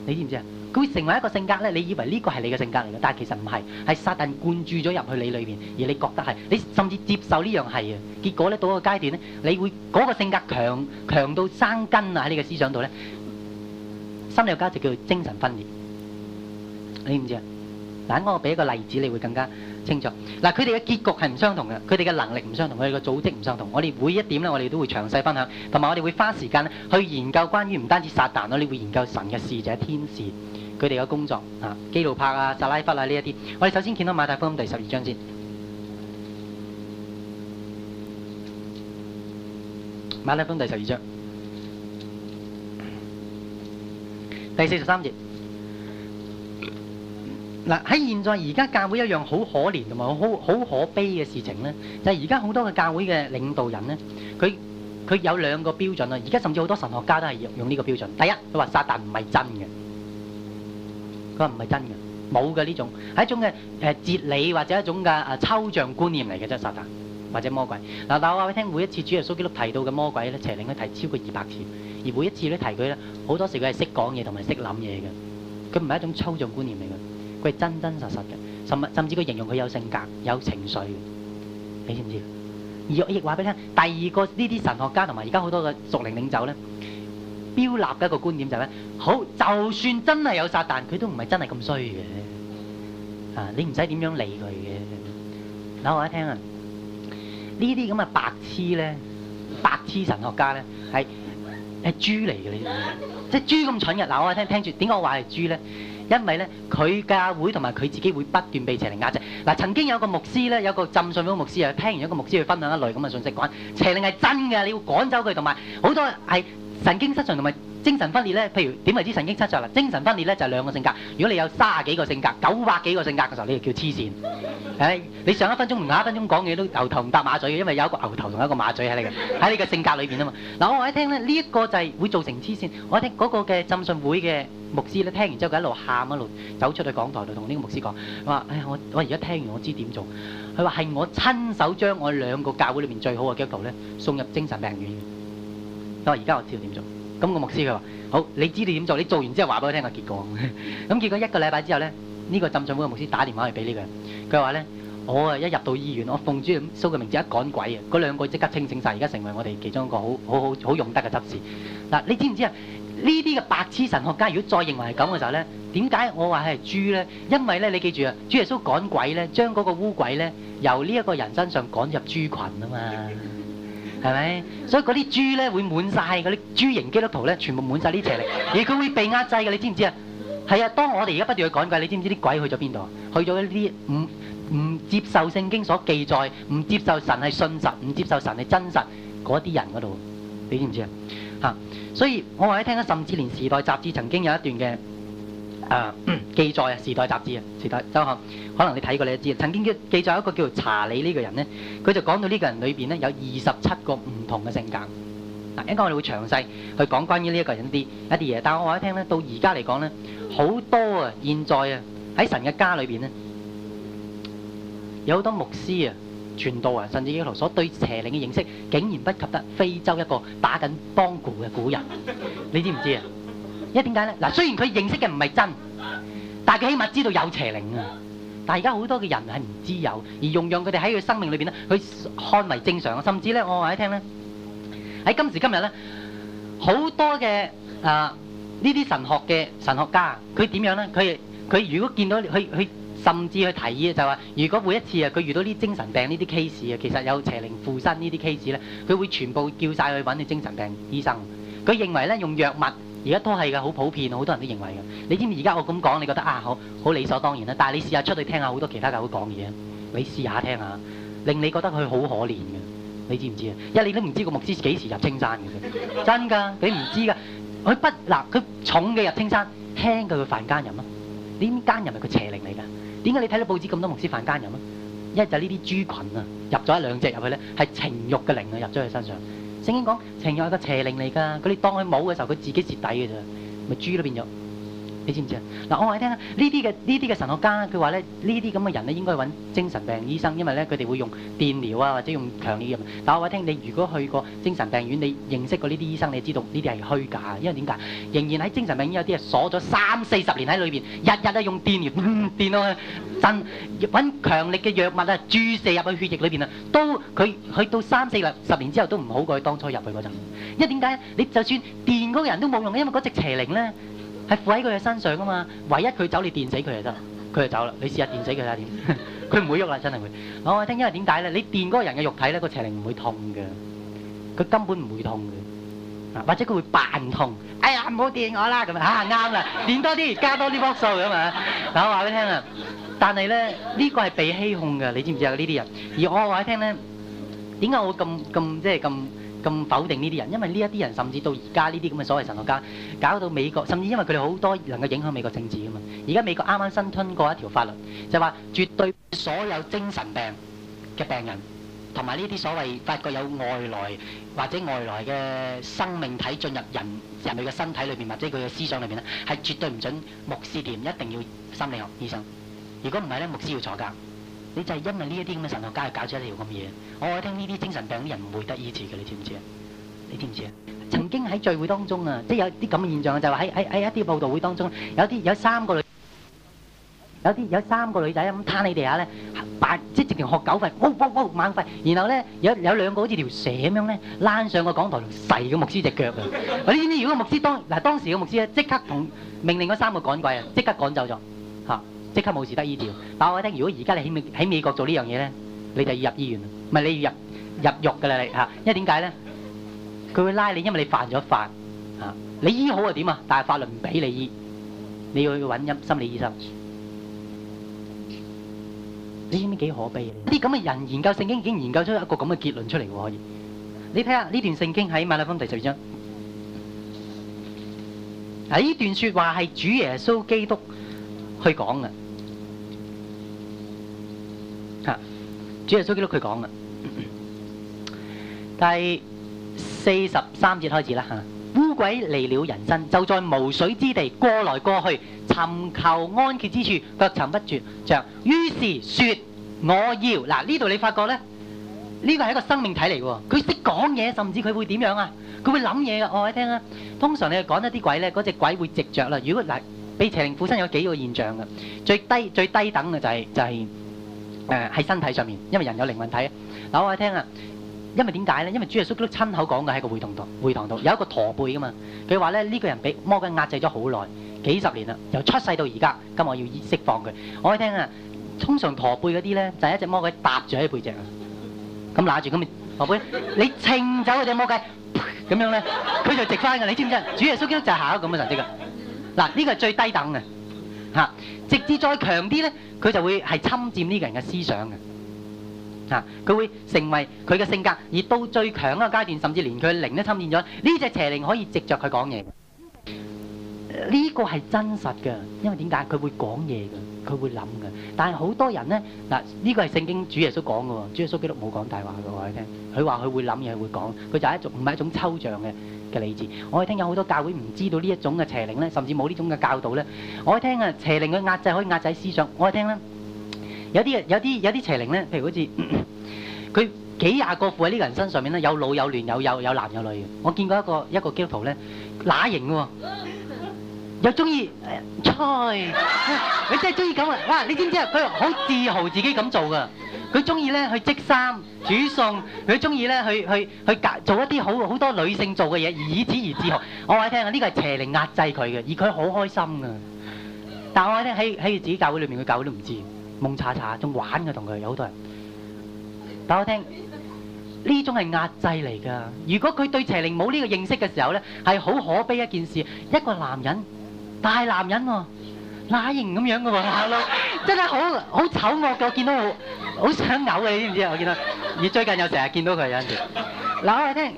S1: 你知唔知啊？佢會成為一個性格咧，你以為呢個係你嘅性格嚟嘅，但係其實唔係，係撒但灌注咗入去你裏邊，而你覺得係，你甚至接受呢樣係啊，結果咧到個階段咧，你會嗰個性格強強到生根啊喺你嘅思想度咧，心理學家就叫精神分裂，你唔知啊？嗱，我俾一個例子，你會更加清楚，嗱，佢哋嘅結局係唔相同嘅，佢哋嘅能力唔相同，佢哋嘅組織唔相同。我哋每一點呢，我哋都會詳細分享，同埋我哋會花時間去研究關於唔單止撒旦咯，你會研究神嘅使者、天使佢哋嘅工作啊，基路柏啊、撒拉弗啊呢一啲。我哋首先見到馬太福音第十二章先，馬太福音第十二章第四十三節。嗱，喺現在而家教會一樣好可憐同埋好好可悲嘅事情咧，就係而家好多嘅教會嘅領導人咧，佢佢有兩個標準啊。而家甚至好多神學家都係用用呢個標準。第一，佢話撒旦唔係真嘅，佢話唔係真嘅，冇嘅，呢種係一種嘅誒哲理或者一種嘅誒抽象觀念嚟嘅，即係撒旦或者魔鬼嗱。但我話俾你聽，每一次主耶穌基督提到嘅魔鬼咧，邪靈，佢提超過二百次，而每一次咧提佢咧，好多時佢係識講嘢同埋識諗嘢嘅，佢唔係一種抽象觀念嚟嘅。佢係真真實實嘅，甚物甚至佢形容佢有性格、有情緒，你知唔知？而我亦話俾你聽，第二個呢啲神學家同埋而家好多嘅屬靈領袖咧，標立嘅一個觀點就係、是、咧，好，就算真係有撒旦，佢都唔係真係咁衰嘅，啊，你唔使點樣理佢嘅。嗱，我一聽啊，呢啲咁嘅白痴咧，白痴神學家咧，係係豬嚟嘅，你即係豬咁蠢嘅。嗱，我一聽聽住，點解我話係豬咧？因為咧，佢教會同埋佢自己會不斷被邪靈壓制。嗱、啊，曾經有個牧師咧，有個浸信會牧師，啊，聽完一個牧師去分享一類咁嘅信息講，邪靈係真嘅，你要趕走佢，同埋好多係神經失常同埋。精神分裂咧，譬如點為之神經失常啦？精神分裂咧就兩個性格。如果你有三十幾個性格、九百幾個性格嘅時候，你就叫痴線。誒，你上一分鐘唔，下一分鐘講嘢都牛頭唔搭馬嘴嘅，因為有一個牛頭同有一個馬嘴喺你嘅喺你嘅性格裏邊啊嘛。嗱，我一聽咧呢一個就係會造成痴線。我一聽嗰個嘅浸信會嘅牧師咧，聽完之後佢一路喊一路走出去講台度同呢個牧師講話：哎呀，我我而家聽完我知點做。佢話係我親手將我兩個教會裏邊最好嘅基督徒咧送入精神病院。我話而家我知道點做。咁個牧師佢話：好，你知道你點做？你做完之後話俾我聽個結果。咁 結果一個禮拜之後呢，呢、這個浸信會牧師打電話去俾呢個人，佢話呢：「我啊一入到醫院，我奉主耶穌嘅名字一趕鬼啊！嗰兩個即刻清醒晒，而家成為我哋其中一個好好好好用得嘅執事。嗱， 你知唔知啊？呢啲嘅白痴神學家，如果再認為係咁嘅時候呢，點解我話係豬呢？因為呢，你記住啊，主耶穌趕鬼呢，將嗰個烏鬼呢，由呢一個人身上趕入豬群啊嘛。係咪？所以嗰啲豬咧會滿晒，嗰啲豬型基督徒咧全部滿晒呢邪力，而佢會被壓制嘅，你知唔知啊？係啊，當我哋而家不斷去趕鬼，你知唔知啲鬼去咗邊度？去咗呢啲唔唔接受聖經所記載，唔接受神係信實，唔接受神係真實嗰啲人嗰度，你知唔知啊？嚇！所以我話你聽下，甚至連時代雜誌曾經有一段嘅。誒、啊嗯、記載啊，《時代雜誌》啊，《時代》周刊，可能你睇過你，你都知曾經記記載一個叫查理呢個人呢佢就講到呢個人裏邊呢有二十七個唔同嘅性格。嗱，應該我哋會詳細去講關於呢一個人啲一啲嘢。但係我話你聽呢，到而家嚟講呢，好多啊，現在啊，喺神嘅家裏邊呢，有好多牧師啊、傳道啊，甚至基督徒所對邪靈嘅認識，竟然不及得非洲一個打緊邦鼓嘅古人，你知唔知啊？因為點解咧？嗱，雖然佢認識嘅唔係真，但係佢起碼知道有邪靈啊。但係而家好多嘅人係唔知有，而用讓佢哋喺佢生命裏邊咧，佢看為正常。甚至咧，我話你聽咧喺今時今日咧，好多嘅啊呢啲神學嘅神學家，佢點樣咧？佢佢如果見到佢佢甚至去提議就話，如果每一次啊，佢遇到啲精神病呢啲 case 啊，其實有邪靈附身呢啲 case 咧，佢會全部叫晒去揾啲精神病醫生。佢認為咧，用藥物。而家都係嘅，好普遍，好多人都認為嘅。你知唔知？而家我咁講，你覺得啊，好好理所當然啦。但係你試下出去聽下，好多其他教會講嘢，你試下聽下，令你覺得佢好可憐嘅。你知唔知啊？一你都唔知個牧師幾時入青山嘅，真㗎，你唔知㗎。佢不嗱，佢、啊、重嘅入青山，輕嘅佢犯奸人啦。點奸人係個邪靈嚟㗎？點解你睇到報紙咁多牧師犯奸人啊？一就呢啲豬羣啊，入咗一兩隻入去咧，係情欲嘅靈啊，入咗佢身上。正經講，情又係個邪靈嚟㗎，佢哋當佢冇嘅時候，佢自己蝕底㗎咋，咪豬都變咗。你知唔知啊？嗱，我話你聽啊，呢啲嘅呢啲嘅神學家，佢話咧，呢啲咁嘅人咧應該揾精神病醫生，因為咧佢哋會用電療啊，或者用強烈嘅藥物。但我話你聽，你如果去過精神病院，你認識過呢啲醫生，你知道呢啲係虛假嘅，因為點解？仍然喺精神病院有啲係鎖咗三四十年喺裏邊，日日啊用電療、 電啊震，揾強力嘅藥物啊注射入去血液裏邊啊，都佢去到三四十年之後都唔好過去，當初入去嗰陣。因為點解？你就算電嗰個人都冇用，因為嗰隻邪靈咧。係附喺佢嘅身上噶嘛，唯一佢走你電死佢就得，佢就走啦。你試下電死佢睇下點，佢唔會喐啦，真係會。我話你聽，因為點解咧？你電嗰個人嘅肉體咧，個邪靈唔會痛嘅，佢根本唔會痛嘅，或者佢會扮痛。哎呀，唔好電我啦咁啊，啱啦，電多啲，加多啲伏數啊嘛。嗱，我話畀你聽啊，但係咧呢個係被欺控嘅，你知唔知啊？呢啲人，而我話你聽咧，點解我咁咁即係咁？咁否定呢啲人，因為呢一啲人甚至到而家呢啲咁嘅所謂神學家，搞到美國，甚至因為佢哋好多能夠影響美國政治啊嘛。而家美國啱啱新通過一條法律，就話絕對所有精神病嘅病人，同埋呢啲所謂發覺有外來或者外來嘅生命體進入人人類嘅身體裏面或者佢嘅思想裏面咧，係絕對唔準牧師掂，一定要心理學醫生。如果唔係咧，牧師要坐監。你就係因為呢一啲咁嘅神學家去搞出嚟條咁嘅嘢，我聽呢啲精神病啲人唔會得醫治嘅，你知唔知啊？你知唔知啊？曾經喺聚會當中啊，即係有啲咁嘅現象啊，就係喺喺喺一啲佈道會當中，有啲有三個女，有啲有三個女仔咁攤喺地下咧，扮即係直情學狗吠，汪汪汪，猛吠，然後咧有有兩個好似條蛇咁樣咧躝上個講台，細個牧師隻腳啊！我呢啲如果牧師當嗱當時嘅牧師咧，即刻同命令嗰三個趕鬼啊，即刻趕走咗嚇。即刻冇事得醫調，但我話你聽，如果而家你喺美喺美國做呢樣嘢咧，你就要入醫院，唔係你要入入獄噶啦你吓，因為點解咧？佢會拉你，因為你犯咗法啊！你醫好啊點啊？但係法律唔俾你醫，你要去搵心理醫生。呢啲幾可悲啊！啲咁嘅人研究聖經，已經研究出一個咁嘅結論出嚟嘅可以。你睇下呢段聖經喺馬太福音第十二章，啊呢段說話係主耶穌基督去講嘅。主耶穌基督佢講嘅，第四十三節開始啦嚇，污鬼離了人身，就在無水之地過來過去，尋求安歇之處，卻尋不著，於是説：我要。嗱，呢度你發覺咧，呢個係一個生命體嚟喎，佢識講嘢，甚至佢會點樣啊？佢會諗嘢㗎，我話你聽啊。通常你講一啲鬼咧，嗰隻鬼會直著啦。如果嗱，俾邪靈附身有幾個現象㗎，最低最低等嘅就係就係。誒喺身體上面，因為人有靈魂體。嗱，我哋聽啊，因為點解咧？因為主耶穌基督親口講嘅，喺個會堂度，會堂度有一個駝背㗎嘛。佢話咧，呢個人俾魔鬼壓制咗好耐，幾十年啦，由出世到而家。咁我要釋放佢。我哋聽啊，通常駝背嗰啲咧就係一隻魔鬼搭住喺背脊啊，咁揦住咁咪駝背。你稱走嗰隻魔鬼，咁樣咧佢就直翻嘅。你知唔知？主耶穌基督就係下一個咁嘅神跡嘅。嗱，呢個係最低等嘅。直至再強啲呢，佢就會係侵佔呢個人嘅思想嘅。啊！佢會成為佢嘅性格，而到最強嘅階段，甚至連佢靈都侵佔咗。呢隻邪靈可以藉著佢講嘢，呢個係真實嘅。因為點解佢會講嘢嘅？佢會諗嘅。但係好多人呢，嗱，呢個係聖經主耶穌講嘅喎。主耶穌基督冇講大話嘅，我你聽。佢話佢會諗嘢，會講。佢就係一種唔係一種抽象嘅。嘅理智，我哋聽，有好多教會唔知道呢一種嘅邪靈咧，甚至冇呢種嘅教導咧。我哋聽啊，邪靈嘅壓制可以壓制思想。我哋聽咧，有啲有啲有啲邪靈咧，譬如好似佢 幾廿個附喺呢個人身上面咧，有老有嫩有有有男有女。我見過一個一個基督徒咧，乸型喎。又中意菜，佢真係中意咁啊！哇！你知唔知啊？佢好自豪自己咁做噶。佢中意咧去織衫、煮餸，佢中意咧去去去做一啲好好多女性做嘅嘢，以此而自豪。我話你聽啊，呢個係邪靈壓制佢嘅，而佢好開心噶。但係我話你聽喺喺自己教會裏面，佢教會都唔知，懵查查，仲玩嘅同佢，有好多人。但我聽呢種係壓制嚟㗎。如果佢對邪靈冇呢個認識嘅時候咧，係好可悲一件事。一個男人。大男人喎，乸型咁樣嘅喎，真係好好醜惡嘅，我見到好想嘔啊！你知唔知啊？我見到，而最近有成日見到佢有陣時，嗱，我哋聽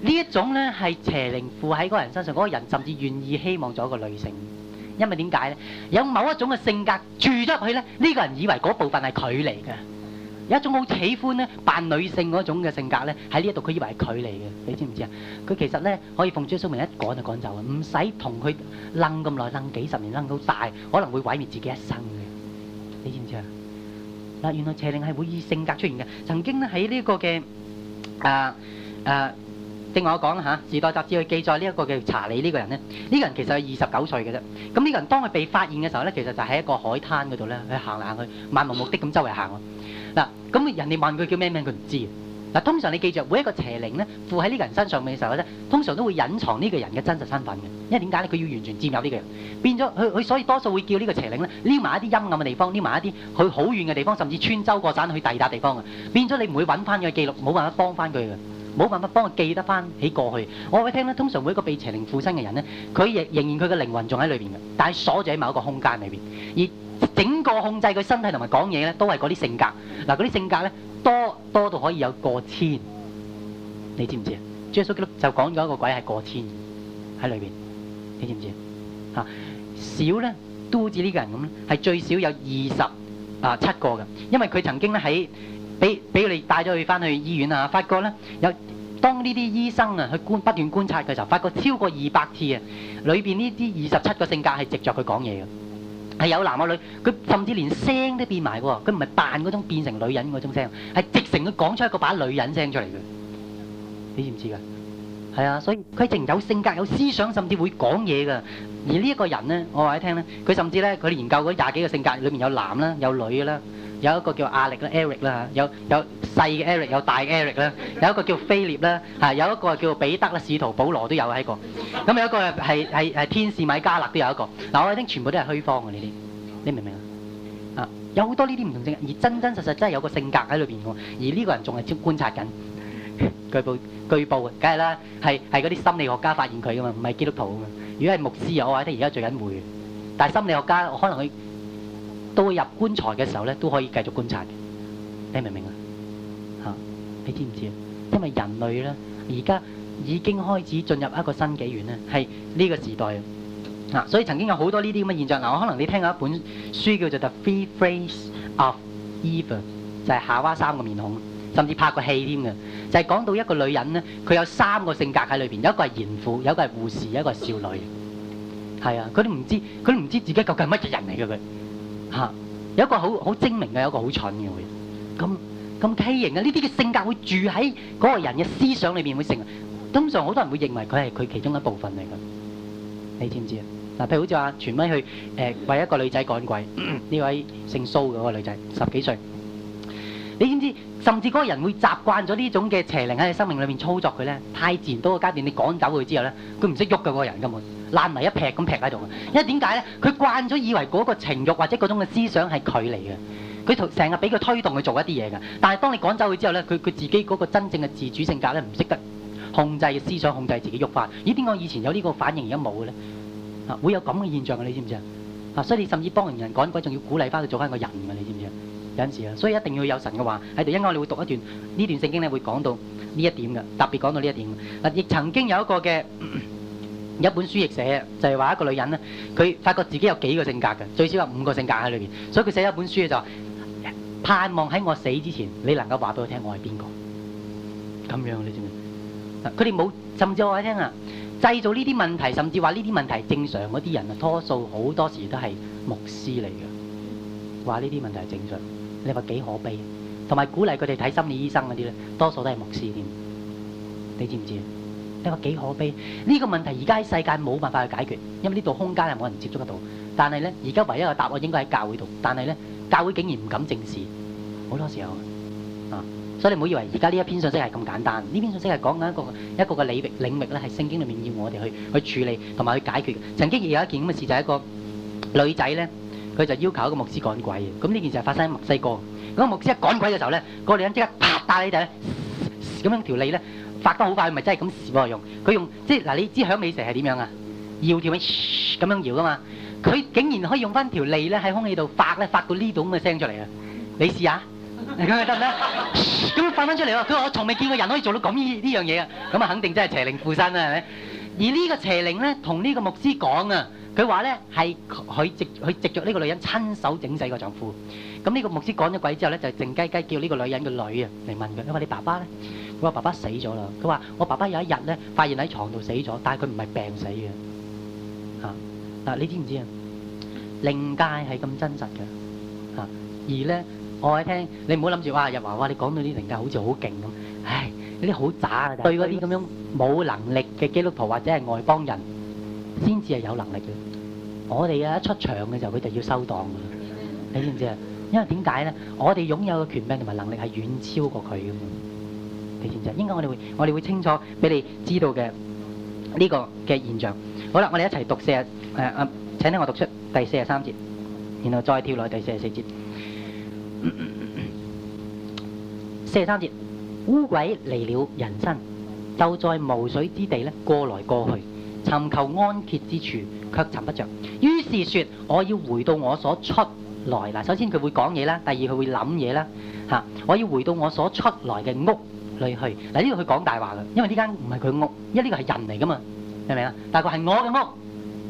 S1: 呢一種咧係邪靈附喺嗰個人身上，嗰個人甚至願意希望做一個女性，因為點解咧？有某一種嘅性格住咗入去咧，呢個人以為嗰部分係佢嚟嘅。有一種好喜歡咧扮女性嗰種嘅性格咧，喺呢一度佢以為係佢嚟嘅，你知唔知啊？佢其實咧可以奉朱淑明一趕就趕走啊，唔使同佢楞咁耐，楞幾十年，楞到大可能會毀滅自己一生嘅。你知唔知啊？嗱，原來邪靈係會以性格出現嘅。曾經喺呢個嘅誒誒。啊啊另外我講啦吓，《時代雜誌》佢記載呢一個叫查理呢個人咧，呢個人其實係二十九歲嘅啫。咁呢個人當佢被發現嘅時候呢，其實就喺一個海灘嗰度咧，去行嚟行去，漫無目的咁周圍行咯。嗱，咁人哋問佢叫咩名，佢唔知嗱，通常你記著每一個邪靈呢，附喺呢個人身上面嘅時候咧，通常都會隱藏呢個人嘅真實身份嘅，因為點解呢？佢要完全佔有呢個人，變咗佢，佢所以多數會叫呢個邪靈呢，匿埋一啲陰暗嘅地方，匿埋一啲去好遠嘅地方，甚至穿州過省去第二笪地方嘅。變咗你唔會揾翻佢嘅記錄，冇辦法幫翻佢嘅。冇辦法幫佢記得翻起過去，我會聽咧。通常每一個被邪靈附身嘅人咧，佢仍仍然佢嘅靈魂仲喺裏邊嘅，但係鎖住喺某一個空間裏邊。而整個控制佢身體同埋講嘢咧，都係嗰啲性格。嗱，嗰啲性格咧，多多到可以有過千，你知唔知啊？耶穌基督就講咗一個鬼係過千喺裏邊，你知唔知啊？少咧，都好似呢個人咁咧，係最少有二十啊、呃、七個嘅，因為佢曾經咧喺。比比如你帶咗去返去醫院啊，發覺咧有當呢啲醫生啊去觀不斷觀察嘅時候，發覺超過二百次啊，裏邊呢啲二十七個性格係直着佢講嘢嘅，係有男有女，佢甚至連聲都變埋喎，佢唔係扮嗰種變成女人嗰種聲，係直情佢講出一個把女人聲出嚟嘅，你知唔知㗎？係啊，所以佢淨有，有性格有思想，甚至會講嘢㗎。而呢一個人咧，我話你聽咧，佢甚至咧佢研究過廿幾個性格，裏面有男啦，有女㗎啦。有一個叫阿力啦，Eric 啦有有細嘅 Eric，有大 Eric 啦，有一個叫菲列啦，嚇有一個叫彼得啦，使徒保羅都有喺個，咁有一個係係係天使米迦勒都有一個，嗱我聽全部都係虛方嘅呢啲，你，你明唔明啊？啊有好多呢啲唔同性格，而真真實實真係有個性格喺裏邊嘅，而呢個人仲係觀察緊，據報據報嘅，梗係啦，係係嗰啲心理學家發現佢㗎嘛，唔係基督徒啊嘛，如果係牧師有嘅話，聽而家最緊要，但係心理學家可能佢。到入棺材嘅時候咧，都可以繼續觀察嘅。你明唔明啊？嚇，你知唔知啊？因為人類咧，而家已經開始進入一個新紀元咧，係呢個時代啊。所以曾經有好多呢啲咁嘅現象。嗱、啊，我可能你聽過一本書叫做《The Three Faces of Eve》，就係、是、夏娃三個面孔，甚至拍過戲添嘅，就係、是、講到一個女人咧，佢有三個性格喺裏邊，有一個係賢婦，有一個係護士，有一個係少女。係啊，佢都唔知，佢都唔知自己究竟乜嘢人嚟嘅佢。嚇！有一個好好精明嘅，有一個好蠢嘅會，咁咁畸形嘅呢啲嘅性格會住喺嗰個人嘅思想裏邊會成，通常好多人會認為佢係佢其中一部分嚟嘅，你知唔知啊？嗱，譬如好似話傳翻去誒為一個女仔趕鬼，呢位姓蘇嘅嗰個女仔十幾歲，你知唔知？甚至嗰個人會習慣咗呢種嘅邪靈喺你生命裏面操作佢咧，太自然多個階段，你趕走佢之後咧，佢唔識喐嘅嗰個人根本。爛埋一劈，咁劈喺度，因為點解咧？佢慣咗以為嗰個情慾或者嗰種嘅思想係佢嚟嘅，佢同成日俾佢推動去做一啲嘢嘅。但係當你趕走佢之後咧，佢佢自己嗰個真正嘅自主性格咧，唔識得控制思想、控制自己慾貪。咦？點解以前有呢個反應而家冇嘅咧？啊，會有咁嘅現象嘅，你知唔知啊？啊，所以你甚至幫人趕鬼，仲要鼓勵翻佢做翻個人嘅，你知唔知啊？有陣時啊，所以一定要有神嘅話喺度。一陣間我哋會讀一段呢段聖經咧，會講到呢一點嘅，特別講到呢一點。嗱，啊，亦曾經有一個嘅。咳咳有一本書亦寫，就係話一個女人咧，佢發覺自己有幾個性格嘅，最少有五個性格喺裏邊，所以佢寫咗一本書，就盼望喺我死之前，你能夠話俾我聽，我係邊個？咁樣你知唔知？佢哋冇甚至我話聽啊，製造呢啲問題，甚至話呢啲問題正常嗰啲人啊，多數好多時都係牧師嚟嘅，話呢啲問題係正常。你話幾可悲？同埋鼓勵佢哋睇心理醫生嗰啲咧，多數都係牧師添。你知唔知？你話幾可悲？呢個問題而家喺世界冇辦法去解決，因為呢度空間係冇人接觸得到。但係咧，而家唯一個答案應該喺教會度。但係咧，教會竟然唔敢正視，好多時候啊！所以你唔好以為而家呢一篇信息係咁簡單。呢篇信息係講緊一個一個嘅領域領域咧，係聖經裡面要我哋去去處理同埋去解決。曾經亦有一件咁嘅事，就係一個女仔咧，佢就要求一個牧師趕鬼嘅。咁呢件事係發生喺墨西哥。咁牧師一趕鬼嘅時候咧，個女人即刻啪打你哋咧，咁樣條脷咧。發得好快，咪真係咁試過用。佢用即係嗱，你知響尾蛇係點樣啊？搖條尾，咁樣搖吖嘛。佢竟然可以用翻條脷咧喺空氣度發咧發到呢度咁嘅聲出嚟啊！你試下，你覺得得唔得？咁發 翻出嚟喎，佢話我從未見過人可以做到咁呢呢樣嘢啊！咁啊，肯定真係邪靈附身啦。係咪？而呢個邪靈咧，同呢個牧師講啊，佢話咧係佢藉佢藉著呢個女人親手整死個丈夫。咁呢個牧師趕咗鬼之後咧，就靜雞雞叫呢個女人嘅女啊嚟問佢，因為你爸爸咧？佢話爸爸死咗啦。佢話我爸爸有一日咧，發現喺床度死咗，但係佢唔係病死嘅。嚇、啊、嗱，你知唔知啊？靈界係咁真實㗎。嚇、啊、而咧，我喺聽，你唔好諗住哇！日華話你講到啲靈界好似好勁咁，
S2: 唉。
S1: 呢啲好渣啊，對嗰啲咁樣冇能力嘅基督徒或者係外邦人，先至係有能力嘅。我哋啊一出場嘅時候，佢就要收檔㗎喇。你知唔知啊？因為點解咧？我哋擁有嘅權柄同埋能力係遠超過佢嘅。你知唔知啊？應該我哋會，我哋會清楚俾你知道嘅呢個嘅現象。好啦，我哋一齊讀四啊誒啊！請聽我讀出第四十三節，然後再跳落第四十四節。四十三節。烏鬼離了人生，就在無水之地過來過去，尋求安歇之處，卻尋不着。於是說，我要回到我所出來。首先，佢會講嘢啦,第二，佢會諗嘢啦。我要回到我所出來的屋裏去。呢度佢講大話嘅，因為呢間唔係佢屋，因為呢個係人嚟㗎嘛，明唔明啊？大概係我嘅屋。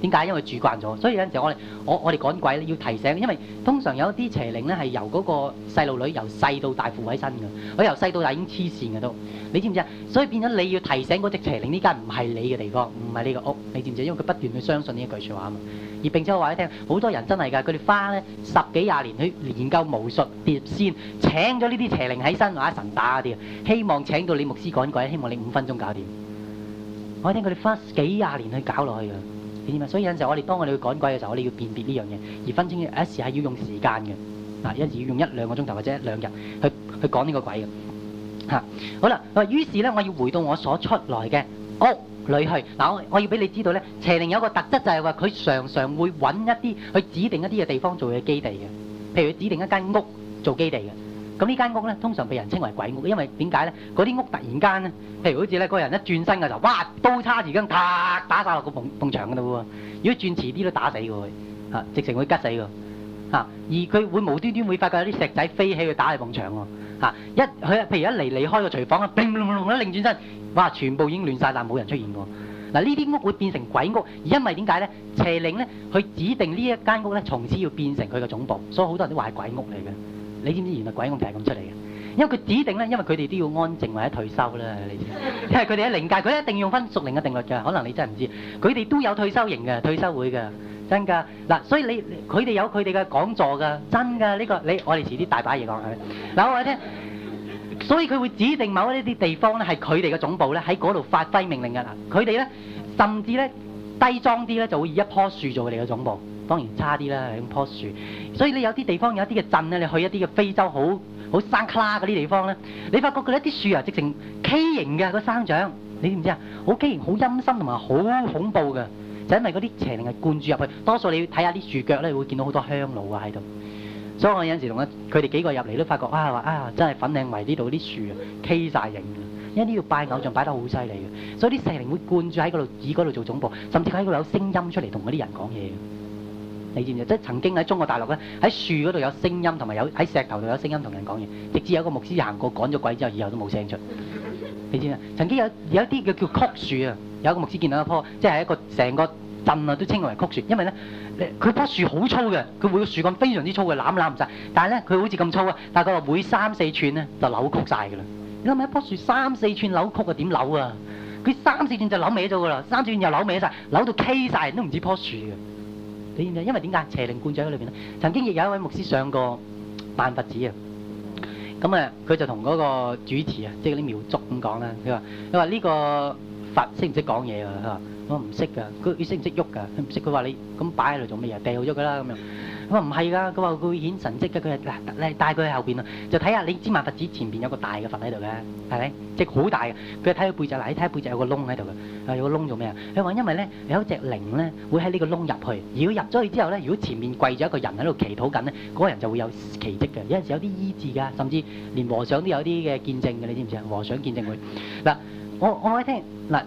S1: 點解？因為住慣咗，所以有陣時我哋我我哋趕鬼咧要提醒，因為通常有啲邪靈咧係由嗰個細路女由細到大附喺身㗎，我由細到大已經黐線㗎都，你知唔知啊？所以變咗你要提醒嗰隻邪靈呢間唔係你嘅地方，唔係你個屋，你知唔知？因為佢不斷去相信呢一句説話啊嘛，而並且我話你聽，好多人真係㗎，佢哋花咧十幾廿年去研究巫術、碟仙，請咗呢啲邪靈喺身或者神打啲，希望請到你牧師趕鬼，希望你五分鐘搞掂。我聽佢哋花幾廿年去搞落去㗎。所以有陣時候，我哋當我哋去趕鬼嘅時候，我哋要辨別呢樣嘢，而分清有一時係要用時間嘅，嗱，一時要用一兩個鐘頭或者一兩日去去趕呢個鬼嘅。嚇，好啦，話於是咧，我要回到我所出來嘅屋裏去。嗱，我我要俾你知道咧，邪靈有一個特質就係話佢常常會揾一啲去指定一啲嘅地方做嘅基地嘅，譬如佢指定一間屋做基地嘅。咁呢間屋咧，通常被人稱為鬼屋，因為點解咧？嗰啲屋突然間咧，譬如好似咧，嗰、那個、人一轉身嘅時候，哇，刀叉而家突打晒落個縫縫牆㗎啦喎！如果轉遲啲都打死佢，嚇、啊，直情會吉死㗎，嚇、啊！而佢會無端端會發覺有啲石仔飛起去打你縫牆喎，一佢譬如一離離開個廚房啊，乒隆隆一擰轉身，哇，全部已經亂晒但冇人出現喎。嗱、啊，呢啲屋會變成鬼屋，而因為點解咧？邪靈咧，佢指定間呢一間屋咧，從此要變成佢嘅總部，所以好多人都話係鬼屋嚟嘅。你知唔知原來鬼咁就係咁出嚟嘅？因為佢指定咧，因為佢哋都要安靜或者退休啦。你知，因為佢哋喺靈界，佢一定用返屬靈嘅定律㗎。可能你真係唔知，佢哋都有退休型嘅退休會㗎，真㗎。嗱，所以你佢哋有佢哋嘅講座㗎，真㗎，呢個你我哋遲啲大把嘢講佢。嗱，我話你聽，所以佢會指定某一啲地方咧係佢哋嘅總部咧，喺嗰度發揮命令㗎。嗱，佢哋咧甚至咧低裝啲咧就會以一棵樹做佢哋嘅總部。當然差啲啦，係棵樹。所以你有啲地方有一啲嘅鎮咧，你去一啲嘅非洲好好山卡拉嗰啲地方咧，你發覺佢一啲樹啊，直成畸形嘅。個生長，你知唔知啊？好畸形、好陰森同埋好恐怖㗎，就是、因為嗰啲邪靈係灌注入去。多數你要睇下啲樹腳咧，會見到好多香爐啊喺度。所以我有陣時同佢哋幾個入嚟都發覺啊話啊，真係粉嶺圍呢度啲樹啊畸曬形，因為呢度拜偶像擺得好犀利嘅，所以啲邪靈會灌注喺嗰度，指嗰度做總部，甚至佢喺嗰度有聲音出嚟同嗰啲人講嘢。你知唔知？即係曾經喺中國大陸咧，喺樹嗰度有聲音，同埋有喺石頭度有聲音同人講嘢，直至有個牧師行過趕咗鬼之後，以後都冇聲出。你知啦，曾經有有一啲叫曲樹啊，有一個牧師見到一棵，即係一個成個鎮啊都稱為曲樹，因為咧佢樖樹好粗嘅，佢每個樹幹非常之粗嘅攬攬唔晒。但係咧佢好似咁粗啊，但係佢話每三四寸咧就扭曲晒㗎啦。你諗下一樖樹三四寸扭曲，佢點扭啊？佢三四寸就扭歪咗㗎啦，三四寸又扭歪晒，扭到 K 曬都唔知棵樹嘅。因為點解邪靈灌咗喺裏邊咧？曾經亦有一位牧師上過《萬佛寺》啊、嗯，咁啊，佢就同嗰個主持啊，即係嗰啲廟祝咁講啦。佢、這個、話：「佢話呢個佛識唔識講嘢啊？佢話我唔識㗎。佢識唔識喐㗎？佢唔識。」佢話：「你咁擺喺度做咩啊？掉咗佢啦咁樣。佢話唔係㗎，佢話佢顯神跡嘅，佢係嗱嚟帶佢喺後邊啊，就睇下你知，萬佛寺前邊有個大嘅佛喺度嘅，係咪？即係好大嘅。佢睇下背脊嗱，你睇下背脊有個窿喺度嘅，啊，有個窿做咩啊？佢話因為咧有一隻靈咧會喺呢個窿入去，如果入咗去之後咧，如果前面跪咗一個人喺度祈禱緊咧，嗰個人就會有奇蹟嘅，有陣時有啲醫治㗎，甚至連和尚都有啲嘅見證嘅，你知唔知啊？和尚見證佢嗱，我我一聽嗱，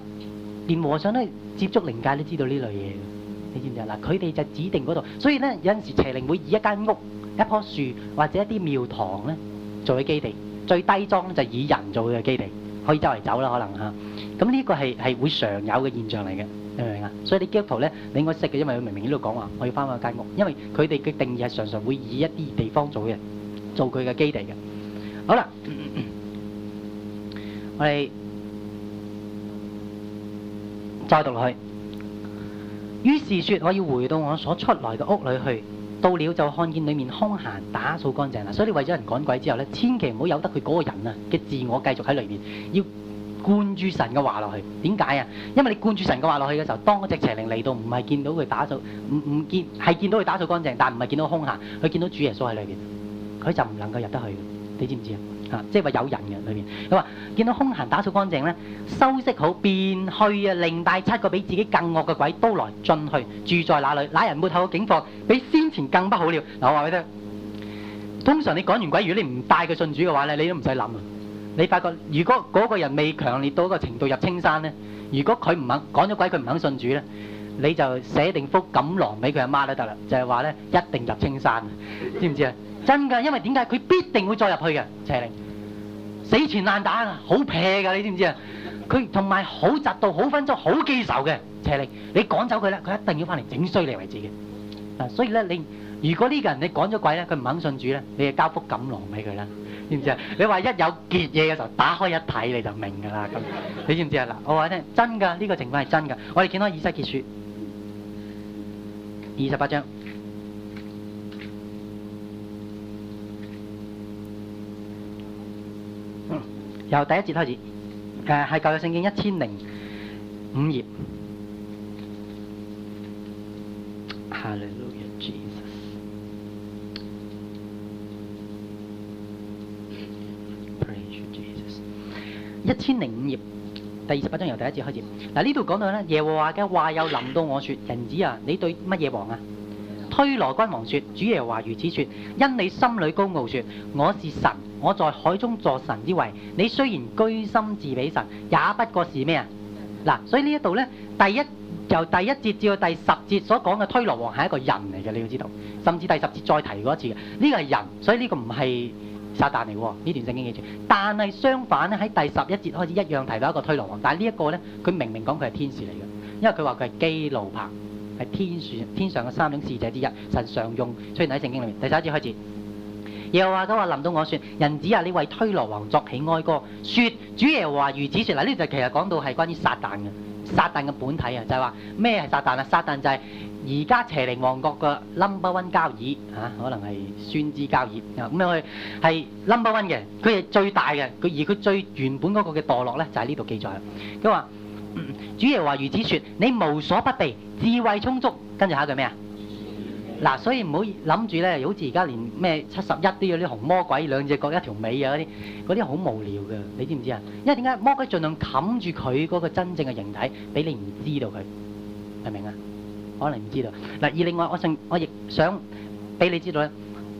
S1: 連和尚都接觸靈界都知道呢類嘢。你知唔知啊？嗱，佢哋就指定嗰度，所以咧有陣時邪靈會以一間屋、一棵樹或者一啲廟堂咧做佢基地。最低裝咧就以人做佢嘅基地，可以周圍走啦，可能嚇。咁呢個係係會常有嘅現象嚟嘅，明唔明啊？所以你基督徒咧，你應該識嘅，因為佢明明喺度講話我要翻嗰間屋，因為佢哋嘅定義係常常會以一啲地方做嘅做佢嘅基地嘅。好啦，我哋再讀落去。於是説我要回到我所出來嘅屋裏去，到了就看見裡面空閒，打掃乾淨啦。所以你為咗人趕鬼之後咧，千祈唔好由得佢嗰個人啊嘅自我繼續喺裏面，要灌住神嘅話落去。點解啊？因為你灌住神嘅話落去嘅時候，當嗰隻邪靈嚟到，唔係見到佢打掃，唔唔見係見到佢打掃乾淨，但唔係見到空閒，佢見到主耶穌喺裏邊，佢就唔能夠入得去。你知唔知啊？啊，即係話有人嘅裏面，佢話見到空閒打掃乾淨咧，修飾好，便去啊，另帶七個比自己更惡嘅鬼都來進去住在那裏，那人末後嘅景況比先前更不好了。嗱，我話俾你聽，通常你講完鬼，如果你唔帶佢信主嘅話咧，你都唔使諗啊。你發覺如果嗰個人未強烈到一個程度入青山咧，如果佢唔肯講咗鬼佢唔肯信主咧，你就寫定封錦囊俾佢阿媽都得啦，就係話咧一定入青山，知唔知啊？真噶，因為點解佢必定會再入去嘅？邪靈死纏爛打啊，好撇噶，你知唔知啊？佢同埋好嫉妒、好分心、好記仇嘅邪靈。你趕走佢咧，佢一定要翻嚟整衰你為止嘅。嗱、啊，所以咧，你如果呢個人你趕咗鬼咧，佢唔肯信主咧，你就交副錦囊俾佢啦，知唔知啊？ 你話一有結嘢嘅時候，打開一睇你就明噶啦咁，你知唔知啊？嗱、這個，我話咧真噶，呢個情況係真噶。我哋見到以西結書二十八章。由第一節開始，誒係舊約聖經一千零五
S3: 頁，下嚟一
S2: 千
S1: 零五頁第二十八章由第一節開始，嗱，呢度講到咧耶和華嘅話又臨到我，説：人子啊，你對乜嘢王啊？推羅君王說：主耶和華如此說，因你心裏高傲說，我是神，我在海中作神之位。你雖然居心自比神，也不過是咩啊？嗱，所以呢一度呢，第一由第一節至到第十節所講嘅推羅王係一個人嚟嘅，你要知道。甚至第十節再提過一次嘅呢個係人，所以呢個唔係撒旦嚟嘅，呢段聖經記住，但係相反咧，喺第十一節開始一樣提到一個推羅王，但呢一個呢，佢明明講佢係天使嚟嘅，因為佢話佢係基路伯。係天算天上嘅三種使者之一，神常用，所以喺聖經裏面，第三節開始，耶和華都話臨到我説：人子啊，你為推羅王作起哀歌。説主耶和華如此説，嗱呢就其實講到係關於撒旦嘅，撒旦嘅本體啊，就係話咩係撒旦啊？撒旦就係而家邪靈王國嘅 number one 交椅啊，可能係宣支交椅咁樣去係 number one 嘅，佢係最大嘅，佢而佢最原本嗰個嘅墮落咧，就喺呢度記載佢話。主要話如此說，你無所不備，智慧充足。跟住下一句咩啊？嗱，所以唔好諗住咧，好似而家連咩七十一啲嗰啲紅魔鬼，兩隻角，一條尾啊嗰啲，嗰啲好無聊㗎。你知唔知啊？因為點解魔鬼盡量冚住佢嗰個真正嘅形體，俾你唔知道佢，明唔明啊？可能唔知道嗱、啊。而另外，我想我亦想俾你知道咧，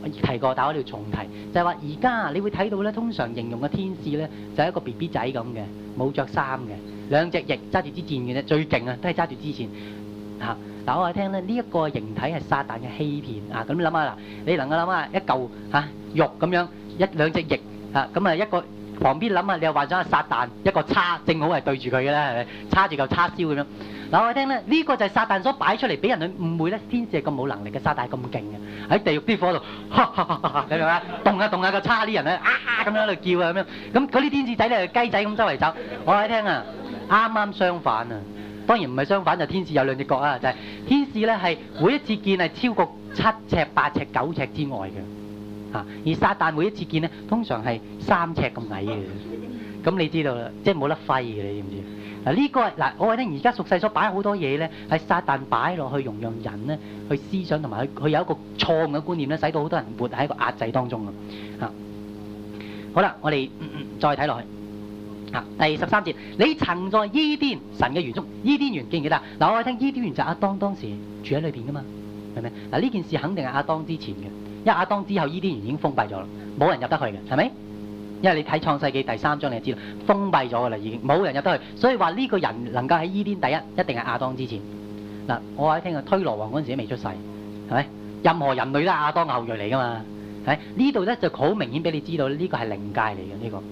S1: 我提過，但我要重提，就係話而家你會睇到咧，通常形容嘅天使咧，就係一個 B B 仔咁嘅，冇着衫嘅。兩隻翼揸住支箭嘅咧，最勁啊，都係揸住支箭嚇。嗱、嗯，我喺聽咧，呢、這、一個形體係撒旦嘅欺騙想一想一想一啊。咁你諗下啦，你能夠諗下一嚿嚇肉咁樣，一兩隻翼嚇咁啊一個旁邊諗下，你又幻想下撒旦一個叉，正好係對住佢嘅啦，係咪？叉住嚿叉燒咁樣。嗱、啊，我喺聽咧，呢、這個就係撒旦所擺出嚟俾人去誤會咧，天使係咁冇能力嘅，撒旦咁勁嘅喺地獄啲火度，哈哈哈！你明嗎？動下動下個叉啲人咧啊咁樣喺度叫啊咁樣。咁嗰啲天使仔咧雞仔咁周圍走。我喺聽啊～啱啱相反啊！當然唔係相反，就天使有兩隻角啊！就係、是、天使咧，係每一次見係超過七尺、八尺、九尺之外嘅嚇、啊。而撒旦每一次見咧，通常係三尺咁矮嘅。咁、啊嗯、你知道啦，即係冇得飛嘅，你知唔知？嗱、啊、呢、這個嗱、啊，我話咧，而家俗世所擺好多嘢咧，係撒旦擺落去容讓人咧，去思想同埋去，佢有，有一個錯誤嘅觀念咧，使到好多人活喺一個壓制當中啊！好啦，我哋再睇落去。第十三節，你曾在伊甸神嘅園中，伊甸園記唔記得啦？嗱，我哋聽伊甸園就阿當當時住喺裏邊噶嘛，係咪？嗱呢件事肯定係阿當之前嘅，因為阿當之後伊甸園已經封閉咗啦，冇人入得去嘅，係咪？因為你睇創世記第三章你就知道封閉咗噶啦，已經冇人入得去，所以話呢個人能夠喺伊甸第一，一定係阿當之前。嗱，我喺聽啊，推羅王嗰陣時未出世，係咪？任何人類都係阿當嘅後裔嚟噶嘛，係？呢度咧就好明顯俾你知道呢個係靈界嚟嘅呢個。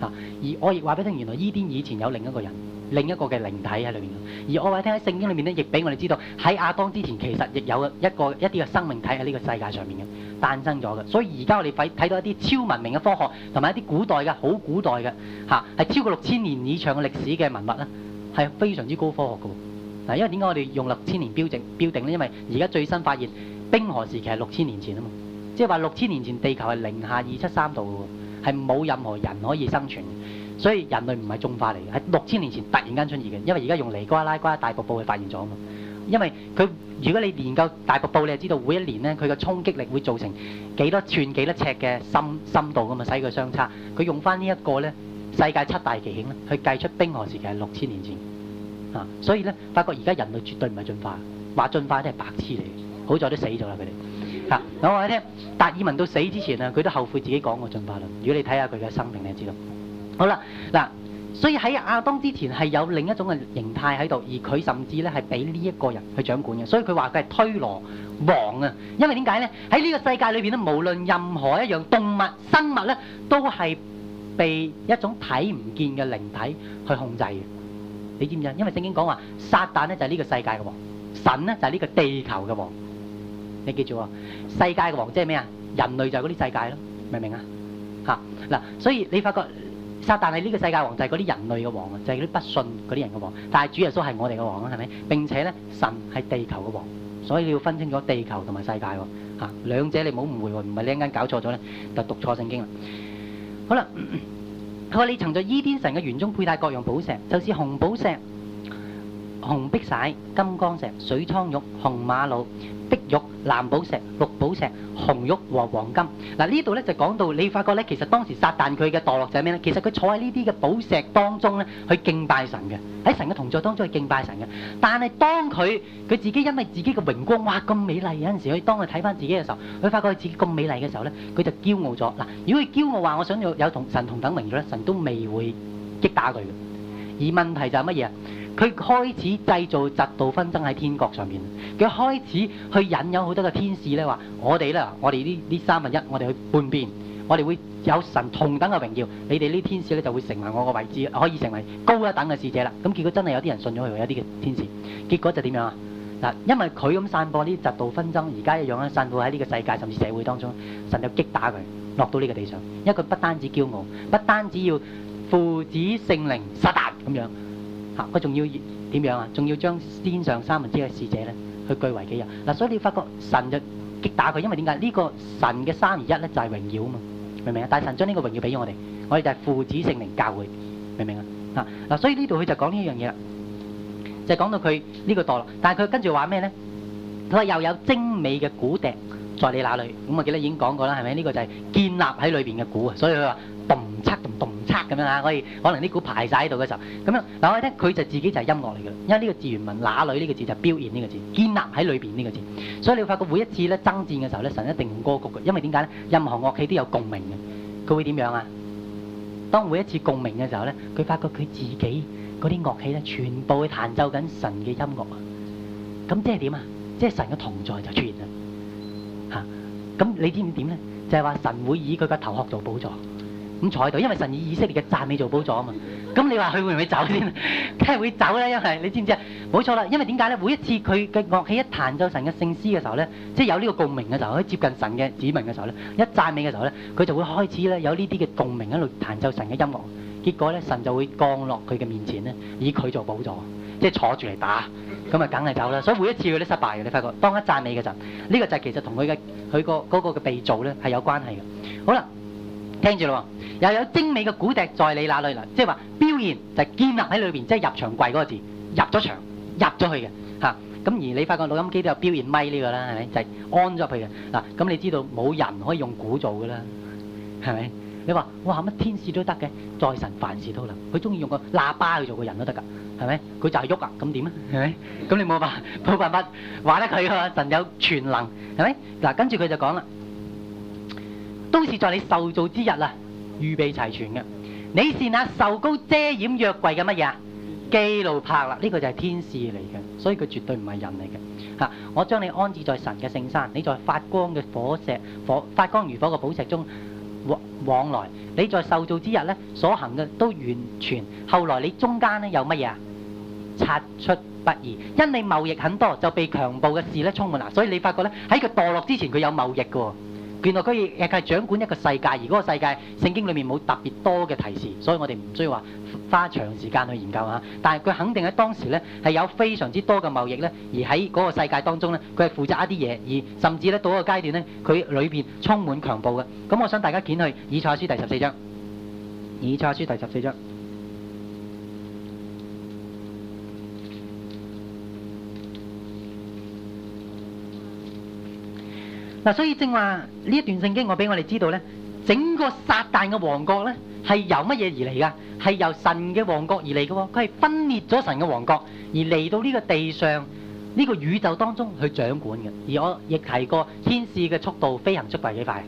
S1: 啊！而我亦話俾你聽，原來伊甸以前有另一個人，另一個嘅靈體喺裏面。而我話聽喺聖經裏面咧，亦俾我哋知道喺亞當之前，其實亦有一個一啲嘅生命體喺呢個世界上面嘅誕生咗嘅。所以而家我哋睇到一啲超文明嘅科學同埋一啲古代嘅好古代嘅嚇，係超過六千年以上嘅歷史嘅文物咧，係非常之高科學嘅喎。嗱，因為點解我哋用六千年標定標定咧？因為而家最新發現冰河時期係六千年前啊嘛，即係話六千年前地球係零下二七三度係冇任何人可以生存，所以人類唔係進化嚟嘅，係六千年前突然間出現嘅。因為而家用尼瓜拉瓜大瀑布去發現咗啊嘛。因為佢如果你研究大瀑布，你就知道每一年咧佢個衝擊力會造成幾多寸幾多尺嘅深深度啊嘛，使佢相差。佢用翻呢一個咧世界七大奇景咧去計出冰河時期係六千年前啊，所以咧發覺而家人類絕對唔係進化，話進化咧係白痴嚟，好在都死咗啦佢哋。嗱，咁我聽達爾文到死之前啊，佢都後悔自己講過進化論。如果你睇下佢嘅生命，你知道。好啦，嗱，所以喺亞當之前係有另一種嘅形態喺度，而佢甚至咧係俾呢一個人去掌管嘅。所以佢話佢係推羅王啊，因為點解咧？喺呢個世界裏邊咧，無論任何一樣動物、生物咧，都係被一種睇唔見嘅靈體去控制嘅。你知唔知？因為聖經講話，撒旦咧就係呢個世界嘅王，神咧就係呢個地球嘅王。你記住啊，世界嘅王即係咩啊？人類就係嗰啲世界咯，明唔明啊？吓，嗱，所以你發覺撒但係呢個世界王，就係嗰啲人類嘅王啊，就係嗰啲不信嗰啲人嘅王。但係主耶穌係我哋嘅王啊，係咪？並且咧，神係地球嘅王，所以你要分清楚地球同埋世界喎。吓、啊，兩者你唔好誤會，唔係你一陣間搞錯咗咧，就讀錯聖經啦。好啦，佢話你曾在伊甸神嘅園中佩戴各樣寶石，就似、是、紅寶石。紅碧璽、金光石、水蒼玉、紅瑪瑙、碧玉、藍寶石、綠寶石、紅玉和黃金。嗱、啊、呢度呢就講到你發覺呢，其實當時撒但佢嘅墮落就係咩呢？其實佢坐喺呢啲嘅寶石當中呢，去敬拜神嘅，喺神嘅同在當中去敬拜神嘅。但係當佢佢自己因為自己嘅榮光哇咁美麗，有陣時佢當佢睇翻自己嘅時候，佢發覺自己咁美麗嘅時候呢，佢就驕傲咗。嗱、啊，如果佢驕傲話，我想要有有同神同等榮耀咧，神都未會擊打佢嘅。而問題就係乜嘢？佢開始製造嫉妒紛爭喺天國上面，佢開始去引誘好多嘅天使咧話：我哋咧，我哋呢呢三分一，我哋去叛變，我哋會有神同等嘅榮耀，你哋呢天使咧就會成為我個位置，可以成為高一等嘅使者啦。咁結果真係有啲人信咗佢，有啲嘅天使。結果就點樣啊？嗱，因為佢咁散播呢啲嫉妒紛爭，而家一樣咧散佈喺呢個世界甚至社會當中，神就擊打佢落到呢個地上，因為佢不單止驕傲，不單止要父子聖靈撒但咁樣。佢仲要點樣啊？仲要將天上三分之一嘅使者咧，去據為己有。嗱，所以你發覺神就擊打佢，因為點解呢個神嘅三而一咧，就係榮耀啊嘛，明唔明啊？但係神將呢個榮耀俾咗我哋，我哋就係父子聖靈教會，明唔明啊？嗱，嗱，所以呢度佢就講呢樣嘢啦，就係講到佢呢個墮落，但係佢跟住話咩咧？佢話又有精美嘅鼓笛在你那裏，咁我記得已經講過啦，係咪呢個就係建立喺裏邊嘅鼓啊？所以佢話。洞察同洞察咁樣啊，可以可能呢股排晒喺度嘅時候咁樣。嗱，我哋聽佢就自己就係音樂嚟嘅，因為呢個字原文，哪裏呢個字就表現呢個字，建立喺裏邊呢個字，所以你會發覺每一次咧爭戰嘅時候咧，神一定用歌曲嘅，因為點解咧？任何樂器都有共鳴嘅，佢會點樣啊？當每一次共鳴嘅時候咧，佢發覺佢自己嗰啲樂器咧，全部會彈奏緊神嘅音樂啊！咁即係點啊？即係神嘅同在就出現啦嚇。咁你知唔知點咧？就係話神會以佢個頭殼做寶座。咁坐喺度，因為神以以色列嘅讚美做寶座啊嘛。咁 你話佢會唔會走先？梗 係會走啦，因為你知唔知啊？冇錯啦，因為點解咧？每一次佢嘅樂器一彈奏神嘅聖詩嘅時候咧，即係有呢個共鳴嘅時候，喺接近神嘅指紋嘅時候咧，一讚美嘅時候咧，佢就會開始咧有呢啲嘅共鳴喺度彈奏神嘅音樂。結果咧，神就會降落佢嘅面前咧，以佢做寶座， 即係坐住嚟打。咁啊，梗係走啦。所以每一次佢都失敗嘅，你發覺。當一讚美嘅時候，呢個就係其實同佢嘅佢個嗰個嘅被造咧係有關係嘅。好啦。聽住啦，又有精美嘅古笛在你那裏啦，即係話標現就係建立喺裏邊，即係入場櫃嗰個字，入咗場，入咗去嘅嚇。咁而你發覺錄音機都有標現咪呢個啦，係咪就係安咗入去嘅嗱？咁你知道冇人可以用鼓做噶啦，係咪？你話哇乜天使都得嘅，在神凡事都能，佢中意用個喇叭去做個人都得㗎，係咪？佢就係喐啊，咁點啊，係咪？咁你冇辦冇辦法話得佢㗎？神有全能，係咪？嗱，跟住佢就講啦。都是在你受造之日啊，預備齊全嘅。你是那受膏遮掩約櫃嘅乜嘢啊？基路伯啦，呢、這個就係天使嚟嘅，所以佢絕對唔係人嚟嘅。嚇，我將你安置在神嘅聖山，你在發光嘅火石、火發光如火嘅寶石中往往來。你在受造之日咧所行嘅都完全，後來你中間咧有乜嘢啊？察出不義，因你貿易很多，就被強暴嘅事咧充滿啊。所以你發覺咧，喺佢墮落之前佢有貿易嘅。原來佢亦係掌管一個世界，而嗰個世界聖經裏面冇特別多嘅提示，所以我哋唔需要話花長時間去研究吓。但係佢肯定喺當時咧係有非常之多嘅貿易咧，而喺嗰個世界當中咧，佢係負責一啲嘢，而甚至咧到一個階段咧，佢裏邊充滿強暴嘅。咁我想大家攪去以賽書第十四章，以賽書第十四章。嗱，所以正話呢一段聖經，我俾我哋知道呢整個撒旦嘅王國呢係由乜嘢而嚟噶？係由神嘅王國而嚟嘅喎，佢係分裂咗神嘅王國，而嚟到呢個地上、呢個宇宙當中去掌管嘅。而我亦提過，天使嘅速度、飛行速度係幾快？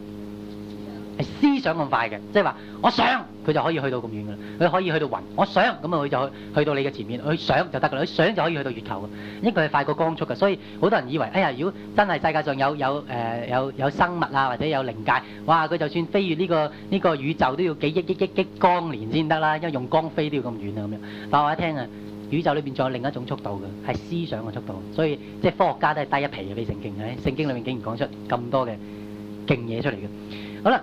S1: 思想咁快嘅，即係話我想佢就可以去到咁遠嘅啦，佢可以去到雲。我想咁啊，佢就去去到你嘅前面。佢想就得嘅啦，佢想就可以去到月球嘅，應該係快過光速嘅。所以好多人以為，哎呀，如果真係世界上有有誒有有生物啊，或者有靈界，哇！佢就算飛越呢個呢個宇宙都要幾億億億億光年先得啦，因為用光飛都要咁遠啊，咁樣。但我一聽啊，宇宙裏邊仲有另一種速度嘅，係思想嘅速度。所以即係科學家都係低一皮嘅，畀聖經。聖經裡面竟然講出咁多嘅勁嘢出嚟嘅。好啦。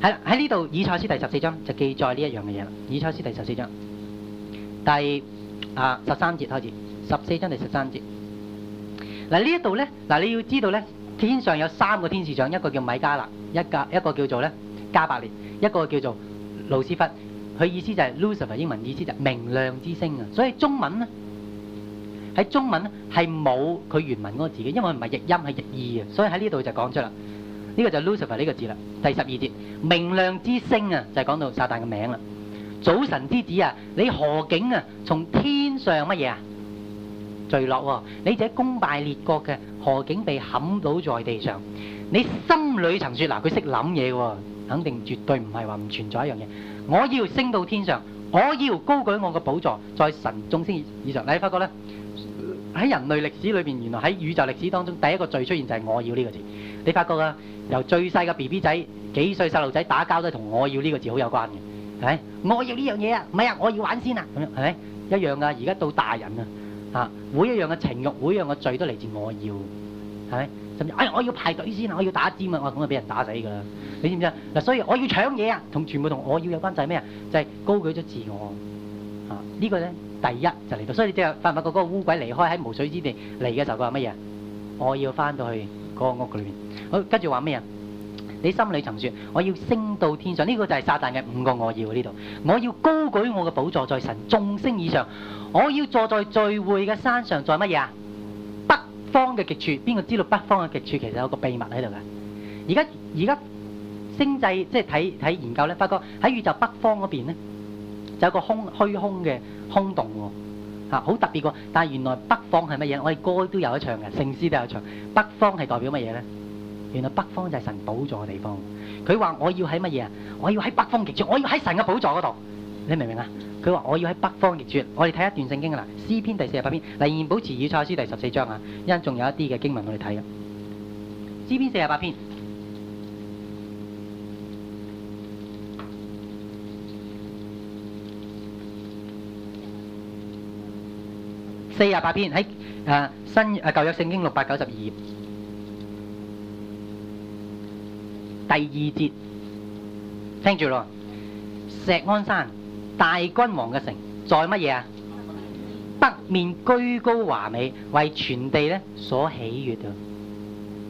S1: 喺喺呢度以賽斯第十四章就記載呢一樣嘅嘢啦。以賽斯第十四章，第啊十三節開始，十四章第十三節。嗱呢一度咧，嗱你要知道咧，天上有三個天使長，一個叫米加勒，一個一個叫做咧加百列，一個叫做路斯弗。佢意思就係 Lucifer 英文意思就係明亮之星啊。所以中文咧喺中文咧係冇佢原文嗰個字嘅，因為唔係譯音係譯意啊。所以喺呢度就講出啦。呢個就係 Lucifer 呢個字啦，第十二節明亮之星啊，就係講到撒但嘅名啦。早晨之子啊，你何竟啊？從天上乜嘢啊墜落喎？你這攻敗列國嘅何竟被砍倒在地上？你心裏曾說嗱，佢識諗嘢嘅喎，肯定絕對唔係話唔存在一樣嘢。我要升到天上，我要高舉我個寶座在神眾星以上。你發覺咧？喺人類歷史裏邊，原來喺宇宙歷史當中，第一個罪出現就係我要呢個字。你發覺啊，由最細嘅 B B 仔、幾歲細路仔打交都係同我要呢個字好有關嘅，係咪？我要呢樣嘢啊，唔係啊，我要玩先啊，咁樣係咪一樣噶？而家到大人啊，啊，每一樣嘅情慾，每一樣嘅罪都嚟自我要，係咪？甚至唉，我要排隊先啊，我要打尖啊，我咁啊俾人打死㗎啦。你知唔知啊？嗱，所以我要搶嘢啊，同全部同我要有關就係咩啊？就係高舉咗自我啊！呢個咧。第一就嚟到，所以你即係發唔發覺嗰個污鬼離開喺無水之地嚟嘅時候，佢話乜嘢？我要翻到去嗰個屋裏邊。好，跟住話咩啊？你心裡曾説：我要升到天上。呢個就係撒旦嘅五個我要呢度。我要高舉我嘅寶座在神眾星以上。我要坐在聚會嘅山上，在乜嘢啊？北方嘅極處，邊個知道北方嘅極處其實有個秘密喺度㗎？而家而家星際即係睇睇研究咧，發覺喺宇宙北方嗰邊咧。就有一個空虛空嘅空洞喎、哦，吓、啊、好特別個、哦。但係原來北方係乜嘢？我哋歌都有一唱嘅，聖詩都有一唱。北方係代表乜嘢咧？原來北方就係神寶座嘅地方。佢話我要喺乜嘢啊？我要喺北方極處，我要喺神嘅寶座嗰度。你明唔明啊？佢話我要喺北方極處。我哋睇一段聖經啦，《詩篇》第四十八篇，仍然保持喺以賽亞書第十四章啊。因仲有一啲嘅經文我哋睇嘅，《詩篇》四十八篇。四廿八篇喺誒新誒舊約聖經六百九十二頁第二節，聽住咯，錫安山大君王嘅城在乜嘢啊？北面居高華美，為全地咧所喜悅啊！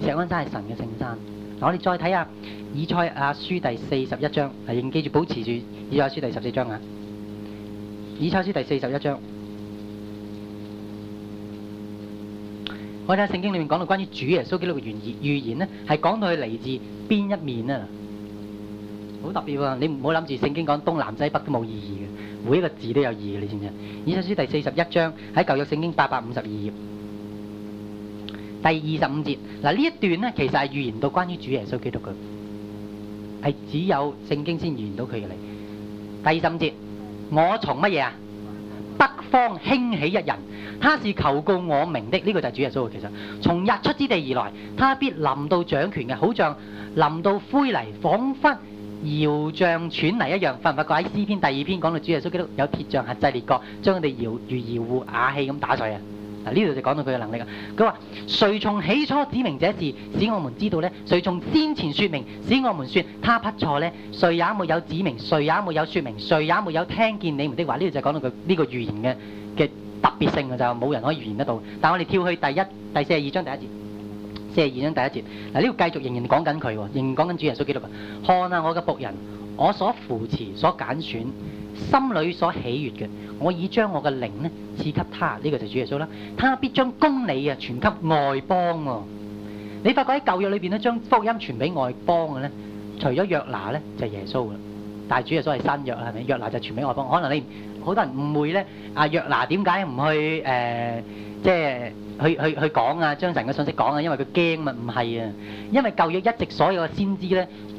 S1: 錫安山係神嘅聖山。我哋再睇下以賽亞書第四十一章，係記住保持住以賽亞書第十四章啊！以賽亞書第四十一章。我睇聖經裏面講到關於主耶穌基督嘅預言呢，係講到佢嚟自邊一面啊？好特別啊！你唔好諗住聖經講東南西北都冇意義嘅，每一個字都有意義嘅，你知唔知啊？以賽亞書第四十一章喺舊約聖經八百五十二頁，第二十五節。嗱呢一段呢，其實係預言到關於主耶穌基督嘅，係只有聖經先預言到佢嘅嚟。第二十五節，我從乜嘢啊？北方興起一人，他是求告我名的。呢、這個就係主耶穌，其實從日出之地而來，他必臨到掌權嘅，好像臨到灰泥，仿佛搖像喘泥一樣，發唔發覺喺詩篇第二篇講到主耶穌，有鐵杖核制列國，將佢哋搖如搖戶瓦器噉打碎啊。呢度就講到佢嘅能力啊！佢話誰從起初指明這事，使我們知道呢？誰從先前說明，使我們說他不錯呢？誰也沒有指明，誰也沒有說明，誰也沒有聽見你們的話。呢度就講到佢呢個預言嘅嘅特別性啊，就冇人可以預言得到。但係我哋跳去第一第四十二章第一節，四十二章第一節嗱呢度繼續仍然講緊佢，仍然講緊主耶穌基督啊！看下我嘅僕人，我所扶持所揀選。心裡所喜悅嘅,我已將我嘅靈賜給他,呢個就係主耶穌啦,他必將公理啊傳給外邦喎。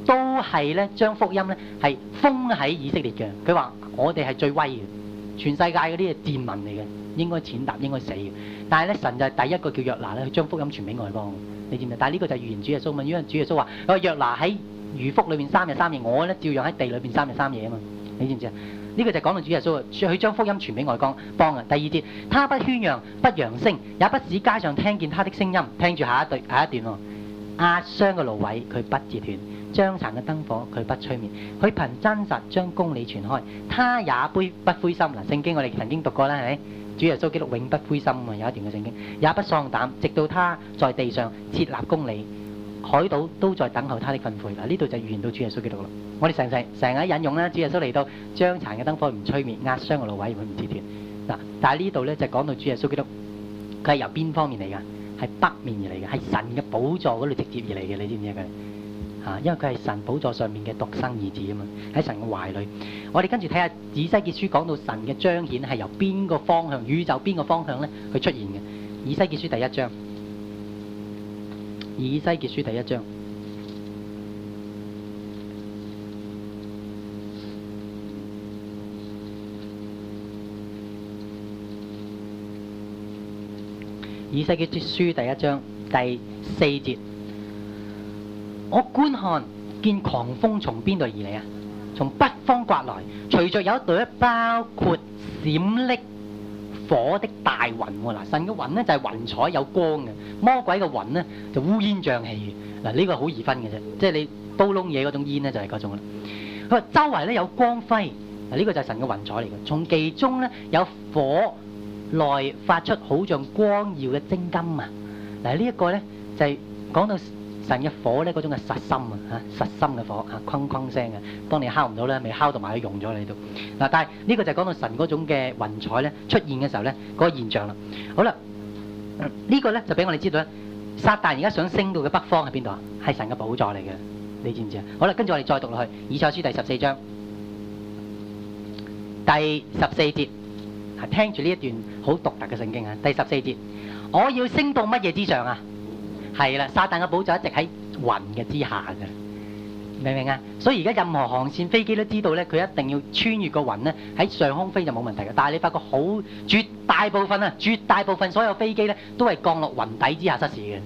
S1: 都係咧，將福音咧係封喺以色列嘅。佢話：我哋係最威嘅，全世界嗰啲係賤民嚟嘅，應該踐踏，應該死嘅。但係咧，神就係第一個叫約拿咧，去將福音傳俾外邦。你知唔知？但係呢個就係預言主耶穌嘛，因為主耶穌話：我約拿喺魚腹裏面三日三夜，我咧照樣喺地裏面三日三夜啊嘛。你知唔知啊？呢、這個就係講到主耶穌，佢將福音傳俾外邦幫啊。第二節，他不喧嚷，不揚聲，也不使街上聽見他的聲音。聽住下一段，下一段喎。壓傷嘅蘆葦，佢不折斷；將殘嘅燈火，佢不吹滅。佢憑真實將公理傳開，他也不灰心。嗱，聖經我哋曾經讀過啦，係咪？主耶穌基督永不灰心啊，有一段嘅聖經，也不喪膽，直到他在地上設立公理，海島都在等候他的訓誨。嗱，呢度就預言到主耶穌基督啦。我哋成成成日引用啦，主耶穌嚟到將殘嘅燈火唔吹滅，壓傷嘅蘆葦佢唔折斷。嗱，但係呢度咧就講到主耶穌基督，佢係由邊方面嚟噶？係北面而嚟嘅，係神嘅寶座嗰度直接而嚟嘅，你知唔知佢？吓，因為佢係神寶座上面嘅獨生兒子啊嘛，喺神嘅懷裏。我哋跟住睇下以西結書講到神嘅彰顯係由邊個方向，宇宙邊個方向咧去出現嘅？以西結書第一章，以西結書第一章。以西結書第一章第四節，我觀看見狂風從邊度而嚟啊？從北方刮來，隨著有一朵包括閃爍火的大雲。嗱，神嘅雲咧就係雲彩有光嘅，魔鬼嘅雲咧就烏煙瘴氣。嗱，呢、這個好易分嘅啫，即係你煲窿嘢嗰種煙咧就係嗰種啦。佢話周圍咧有光輝，嗱、這、呢個就係神嘅雲彩嚟嘅。從其中咧有火。內發出好像光耀嘅精金啊嗱，呢一個呢就係講到神嘅火呢，嗰種嘅實心啊，實心嘅火，哐哐聲啊，當你敲唔到未敲到埋佢融咗你度。嗱，但係這個就係講到神嗰種嘅雲彩出現嘅時候呢，嗰個現象啦。好啦這個就俾我哋知道撒旦而家想升到嘅北方係邊度啊，是神嘅寶座嚟嘅，你知唔知啊？好啦，跟住我哋再讀落去以賽書第十四章，第十四節聽住呢一段好獨特嘅聖經啊，第十四節，我要升到乜嘢之上啊？係啦，撒旦嘅寶座一直喺雲嘅之下嘅，明唔明啊？所以而家任何航線飛機都知道咧，佢一定要穿越個雲咧喺上空飛就冇問題嘅。但係你發覺好絕大部分啊，絕大部分所有飛機咧都係降落雲底之下失事嘅。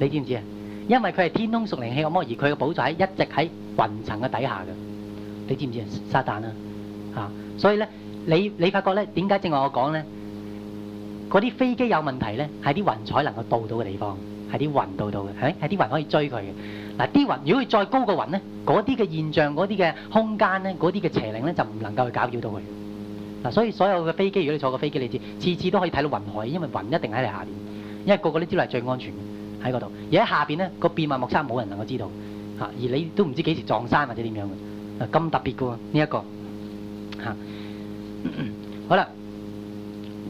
S1: 你知唔知啊？因為佢係天空屬靈氣嘅魔，而佢嘅寶座一直喺雲層嘅底下嘅。你知唔知啊？撒旦啊，嚇、啊！所以咧。你你發覺咧點解？正話我講咧，嗰啲飛機有問題咧，喺啲雲彩能夠到到嘅地方，係啲雲到到嘅，喺啲雲可以追佢嘅。嗱，啲雲，如果佢再高過雲咧，嗰啲嘅現象，嗰啲嘅空間咧，嗰啲嘅邪靈咧，就唔能夠去搞擾到佢。嗱，所以所有嘅飛機，如果你坐過飛機，你知次次都可以睇到雲海，因為雲一定喺你下邊，因為個個都知係最安全嘅喺嗰度。而喺下邊咧，個變幻莫測，冇人能夠知道嚇。而你都唔知幾時撞山或者點樣嘅，咁特別嘅喎呢一個嚇。好啦，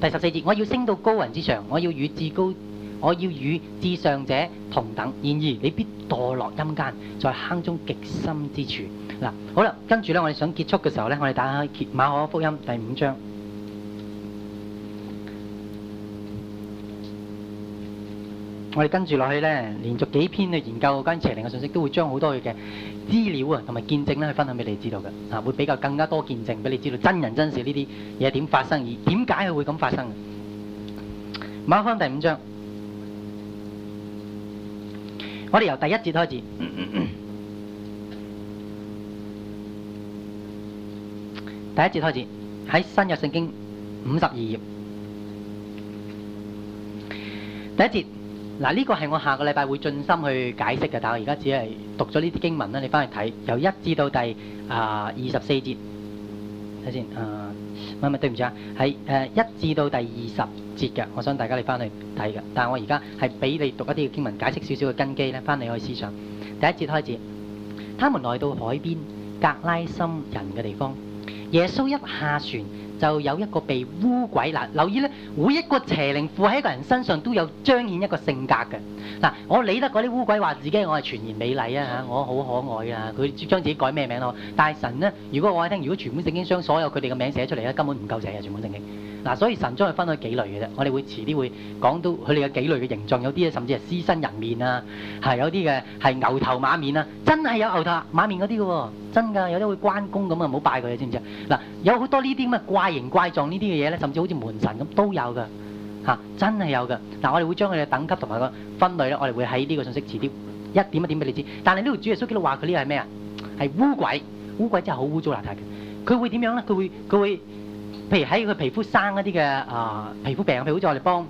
S1: 第十四節，我要升到高雲之上，我要與至高，我要與至上者同等。然而你必墮落陰間，在坑中極深之處。嗱，好啦，跟住呢，我哋想結束嘅時候呢，我哋打開馬可福音第五章，我哋跟住落去呢，連續幾篇去研究關於邪靈嘅信息，都會將好多嘢嘅。資料啊，同埋見證咧，去分享俾你知道嘅嚇，會比較更加多見證俾你知道真人真事呢啲嘢點發生，而點解佢會咁發生。翻開第五章，我哋由第一節開始。咳咳，第一節開始喺新約聖經五十二頁。第一節。嗱，呢個係我下個禮拜會盡心去解釋嘅，但係我而家只係讀咗呢啲經文啦。你翻去睇，由一至、呃呃呃、至到第啊二十四節，睇先啊。唔係唔係對唔住啊，係誒一至到第二十節嘅。我想大家你翻去睇嘅，但係我而家係俾你讀一啲經文解釋少少嘅根基咧，翻嚟可以思想。第一節開始，他們來到海邊，格拉森人嘅地方，耶穌一下船，就有一個被烏鬼嗱，留意咧，每一個邪靈附喺一個人身上都有彰顯一個性格嘅嗱。我理得嗰啲烏鬼話自己我係全言美麗啊嚇，嗯、我好可愛啊，佢將自己改咩名咯？但係神呢？如果我一聽，如果全本聖經將所有佢哋嘅名寫出嚟咧，根本唔夠成啊。全本聖經嗱。所以神將佢分咗幾類嘅啫，我哋會遲啲會講到佢哋嘅幾類嘅形狀，有啲甚至係獅身人面啊，係有啲嘅係牛頭馬面啊，真係有牛頭馬面嗰啲嘅喎，真㗎，有啲會關公咁啊，唔好拜佢，你知唔知嗱，有好多呢啲咁嘅大型怪狀呢啲嘅嘢咧，甚至好似門神咁都有噶嚇、啊，真係有噶。嗱、啊，我哋會將佢嘅等級同埋個分類咧，我哋會喺呢個信息遲啲一,一點一點俾你知。但係呢度主耶穌基督話佢呢個係咩啊？係污鬼，污鬼真係好污糟邋遢嘅。佢、啊、會點樣咧？佢會佢會，會，譬如喺佢皮膚生一啲嘅啊皮膚病，譬如好似我哋幫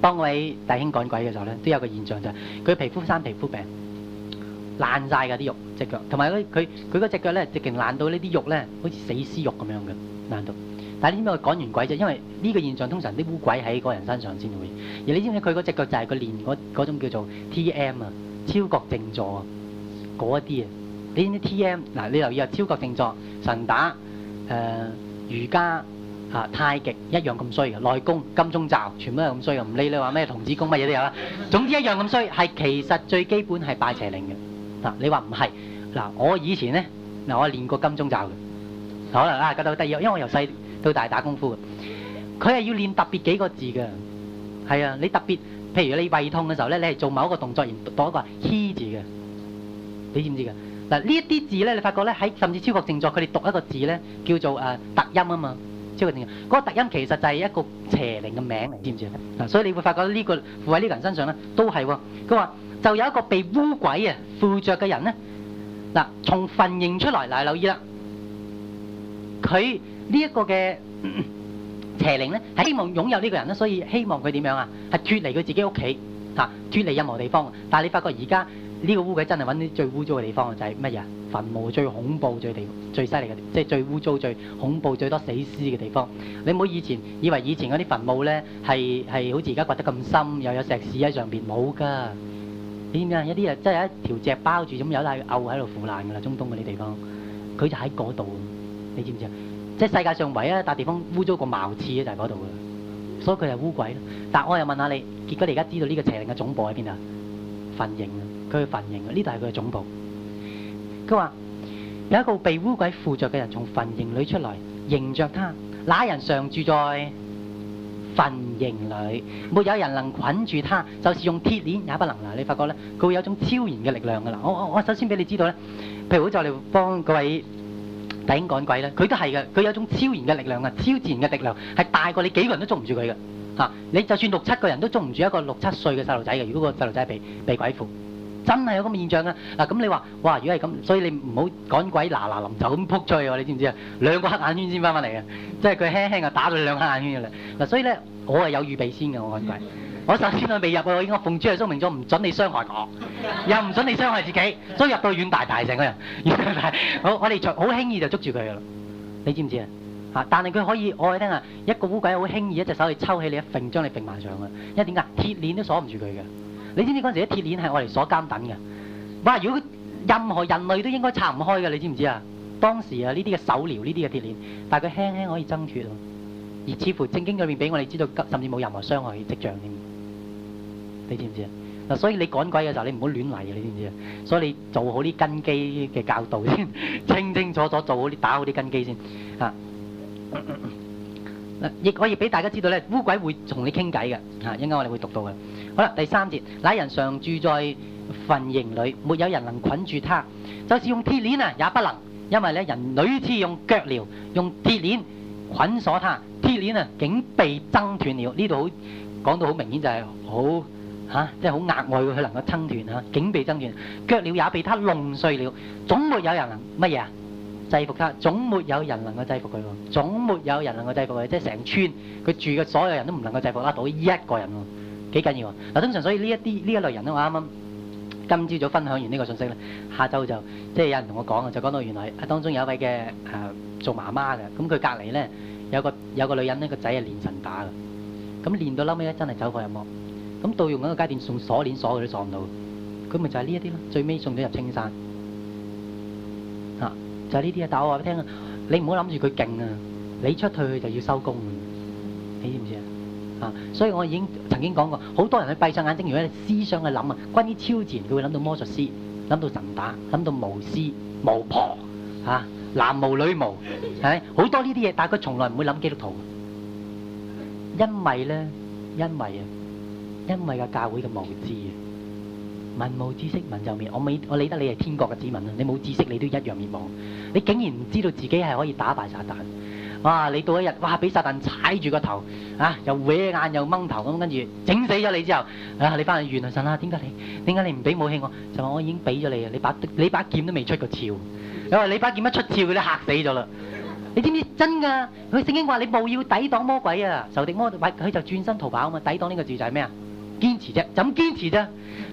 S1: 幫位弟兄趕鬼嘅時候咧，都有個現象就係、是、佢皮膚生皮膚病。爛晒㗎啲肉，腳隻腳，同埋咧佢，佢嗰隻腳咧，直情爛到呢啲肉咧，好似死屍肉咁樣嘅爛到。但係你知唔知我講完鬼啫？因為呢個現象通常啲烏鬼喺個人身上先會。而你知唔知佢嗰隻腳就係佢練嗰種叫做 T.M. 啊，超覺靜坐嗰一啲啊。你知唔知 T.M. 嗱？你留意下超覺靜坐、神打、誒、呃、瑜伽嚇、呃、太極一樣咁衰嘅內功、金鐘罩全部都係咁衰嘅。唔理你話咩童子功乜嘢都有啦。總之一樣咁衰，係其實最基本係拜邪靈嘅。嗱，你話唔係？嗱，我以前咧，嗱，我係練過金鐘罩嘅，可能啊教到第二，因為我由細到大打功夫嘅，佢係要練特別幾個字嘅，係啊，你特別譬如你胃痛嘅時候咧，你係做某一個動作然而讀一個 H 字嘅，你知唔知㗎？嗱，呢一啲字咧，你發覺咧喺甚至超過靜坐，佢哋讀一個字咧叫做誒特音啊嘛。即係點？嗰個特音其實就係一個邪靈嘅名嚟，你知唔知啊？嗱，所以你會發覺呢個附喺呢個人身上咧，都係喎。佢話就有一個被污鬼啊附著嘅人咧，嗱，從墳塋出來，嗱，留意啦，佢呢一個嘅邪靈咧，係希望擁有呢個人咧，所以希望佢點樣啊？係脱離佢自己屋企嚇，脱離任何地方。但係你發覺而家。呢個烏鬼真係揾啲最污糟嘅地方就係乜嘢啊？墳墓最恐怖、最地最犀利嘅，即係最污糟、最恐怖、最多死屍嘅地方。你唔好以前以為以前嗰啲墳墓咧係係好似而家掘得咁深，又有石屎喺上邊，冇㗎。你知一啲啊真係一條石包住，咁有塊牛喺度腐爛㗎啦，中東嗰啲地方。佢就喺嗰度，你知唔知啊？即係世界上唯一一笪地方污糟過茅廁咧，就係嗰度㗎。所以佢係烏鬼。但我又問下你，結果你而家知道呢個邪靈嘅總部喺邊啊？墳影啊！佢嘅墳塋，呢度係佢嘅總部。佢話有一個被污鬼附著嘅人從墳塋裏出來，迎著他。那人常住在墳塋裏，沒有人能捆住他，就是用鐵鏈也不能。嗱，你發覺咧，佢會有種超然嘅力量㗎啦。我我我首先俾你知道咧，譬如好似我哋幫嗰位頂趕鬼咧，佢都係嘅。佢有種超然嘅力量啊，超自然嘅力量係大過你幾個人都捉唔住佢嘅嚇。你就算六七個人都捉唔住一個六七歲嘅細路仔嘅。如果個細路仔被被鬼附。真係有咁嘅現象咧嗱，咁你話哇，如果係咁，所以你唔好趕鬼嗱嗱臨就咁撲出去喎，你知唔知啊？兩個黑眼圈先翻翻嚟嘅，即係佢輕輕就打到你兩個黑眼圈嘅咧嗱，所以咧我係有預備先嘅，我趕鬼，我首先我未入啊，我應該奉主係，説明咗唔准你傷害我，又唔准你傷害自己，所以入到去遠大大成個人，遠大大， 我我哋好輕易就捉住佢啦，你知唔知啊？嚇，但係佢可以我聽下，一個烏鬼好輕易一隻手去抽起你一揈，將你揈埋上去，因為點解鐵鏈都鎖唔住佢嘅？你知唔知嗰陣時啲鐵鏈係我哋所監等嘅？哇！如果任何人類都應該拆唔開嘅，你知唔知啊？當時啊，呢啲嘅手鐐，呢啲嘅鐵鏈，但係佢輕輕可以爭脱，而似乎聖經裏面俾我哋知道，甚至冇任何傷害嘅跡象添。你知唔知啊？嗱，所以你趕鬼嘅時候，你唔好亂嚟啊，你知唔知啊？所以你做好啲根基嘅教導先，清清楚楚做好啲打好啲根基先啊。咳咳亦可以俾大家知道咧，污鬼會同你傾偈嘅，嚇，應該我哋會讀到嘅。好啦，第三節，乃人常住在墳塋裏，沒有人能捆住他，就是用鐵鏈啊也不能，因為咧人屢次用腳鐐、用鐵鏈捆鎖他，鐵鏈啊竟被掙斷了。呢度好講到好明顯就係好嚇，即係好額外佢能夠撐斷啊，竟被掙斷，腳鐐也被他弄碎了，總沒有人能乜嘢啊？制服佢，總沒有人能夠制服佢喎，總沒有人能夠制服佢，即係成村佢住嘅所有人都唔能夠制服得到一個人喎，幾緊要喎。嗱，通常所以呢一啲呢一類人咧，我啱啱今朝早分享完呢個信息咧，下晝就即係有人同我講啊，就講到原來係當中有一位嘅誒、呃、做媽媽嘅，咁佢隔離咧有個有個女人呢個仔係練神打㗎，咁練到嬲尾咧真係走火入魔，咁到用緊個階段送鎖鏈鎖佢都鎖唔到，佢咪就係呢一啲咯，最尾送咗入青山。就係呢啲啊！但係我話俾你聽啊，你唔好諗住佢勁啊，你出退去就要收工啊！你知唔知啊？啊！所以我已經曾經講過，好多人去閉上眼睛，用你思想去諗啊，關於超自然，佢會諗到魔術師，諗到神打，諗到巫師、巫婆啊，男巫女巫係咪？好多呢啲嘢，但係佢從來唔會諗基督徒，因為咧，因為啊，因為個教會嘅無知。文無知識文就滅，我美我理得你係天國嘅子民啊！你冇知識你都一樣滅亡，你竟然唔知道自己係可以打敗撒旦，哇、啊！你到一日哇俾撒旦踩住個頭啊，又歪眼又掹頭咁，跟住整死咗你之後啊，你翻去原怨神啦！點、啊、解你點解你唔俾武器我？就話我已經俾咗你啊！你把你把劍都未出過鞘，你話你把劍一出鞘佢都嚇死咗啦！你知唔知真㗎？佢聖經話你無要抵擋魔鬼啊，仇敵魔鬼，佢就轉身逃跑啊嘛！抵擋呢個字就係咩啊？堅持啫，就咁堅持啫。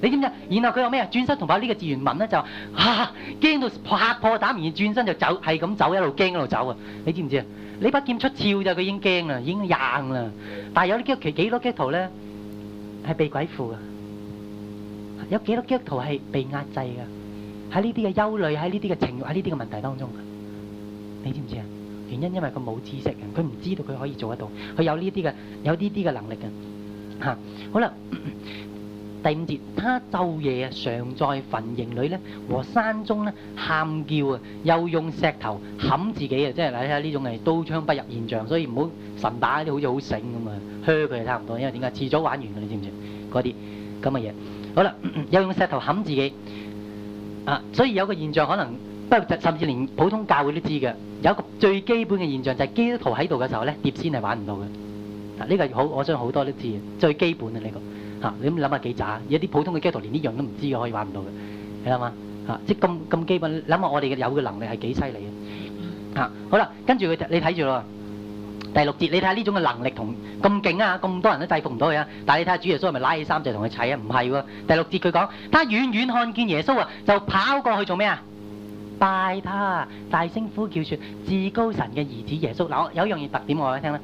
S1: 你知唔知？然後佢有咩啊？轉身同埋呢個字原文咧，就嚇驚到拍破膽，而轉身就走，係咁走一路驚一路走啊！你知唔知啊？你把劍出鞘就佢已經驚啦，已經硬啦。但係有啲基督徒幾多基督徒咧係被鬼附噶？有幾多基督徒係被壓制噶？喺呢啲嘅憂慮，喺呢啲嘅情慾，喺呢啲嘅問題當中，你知唔知啊？原因因為佢冇知識嘅，佢唔知道佢可以做得到，佢有呢啲嘅有呢啲嘅能力嘅。嚇、啊，好啦，第五節，他晝夜啊常在墳塋裏咧，和山中咧喊叫啊，又用石頭冚自己啊，即係睇下呢種係刀槍不入現象，所以唔好神打啲好似好醒咁啊，嚇佢係差唔多，因為點解？遲早玩完嘅你知唔知？嗰啲咁嘅嘢，好啦，又用石頭冚自己啊，所以有個現象可能不過甚至連普通教會都知嘅，有一個最基本嘅現象就係、是、基督徒喺度嘅時候咧，碟仙係玩唔到嘅。呢個好，我相信好多都知最基本嘅呢、這個嚇、啊，你咁諗下幾渣？一啲普通嘅基督徒連呢樣都唔知嘅，可以玩唔到嘅，你諗下嚇？即咁咁基本，諗下我哋嘅有嘅能力係幾犀利啊！嚇，好啦，跟住佢你睇住咯，第六節你睇下呢種嘅能力同咁勁啊，咁多人都制服唔到佢啊！但係你睇下主耶穌係咪拉起衫就同佢砌啊？唔係喎，第六節佢講，他遠遠看見耶穌啊，就跑過去做咩啊？拜他，大聲呼叫説：至高神嘅兒子耶穌！嗱、啊，有一樣嘢特點我講你聽啦。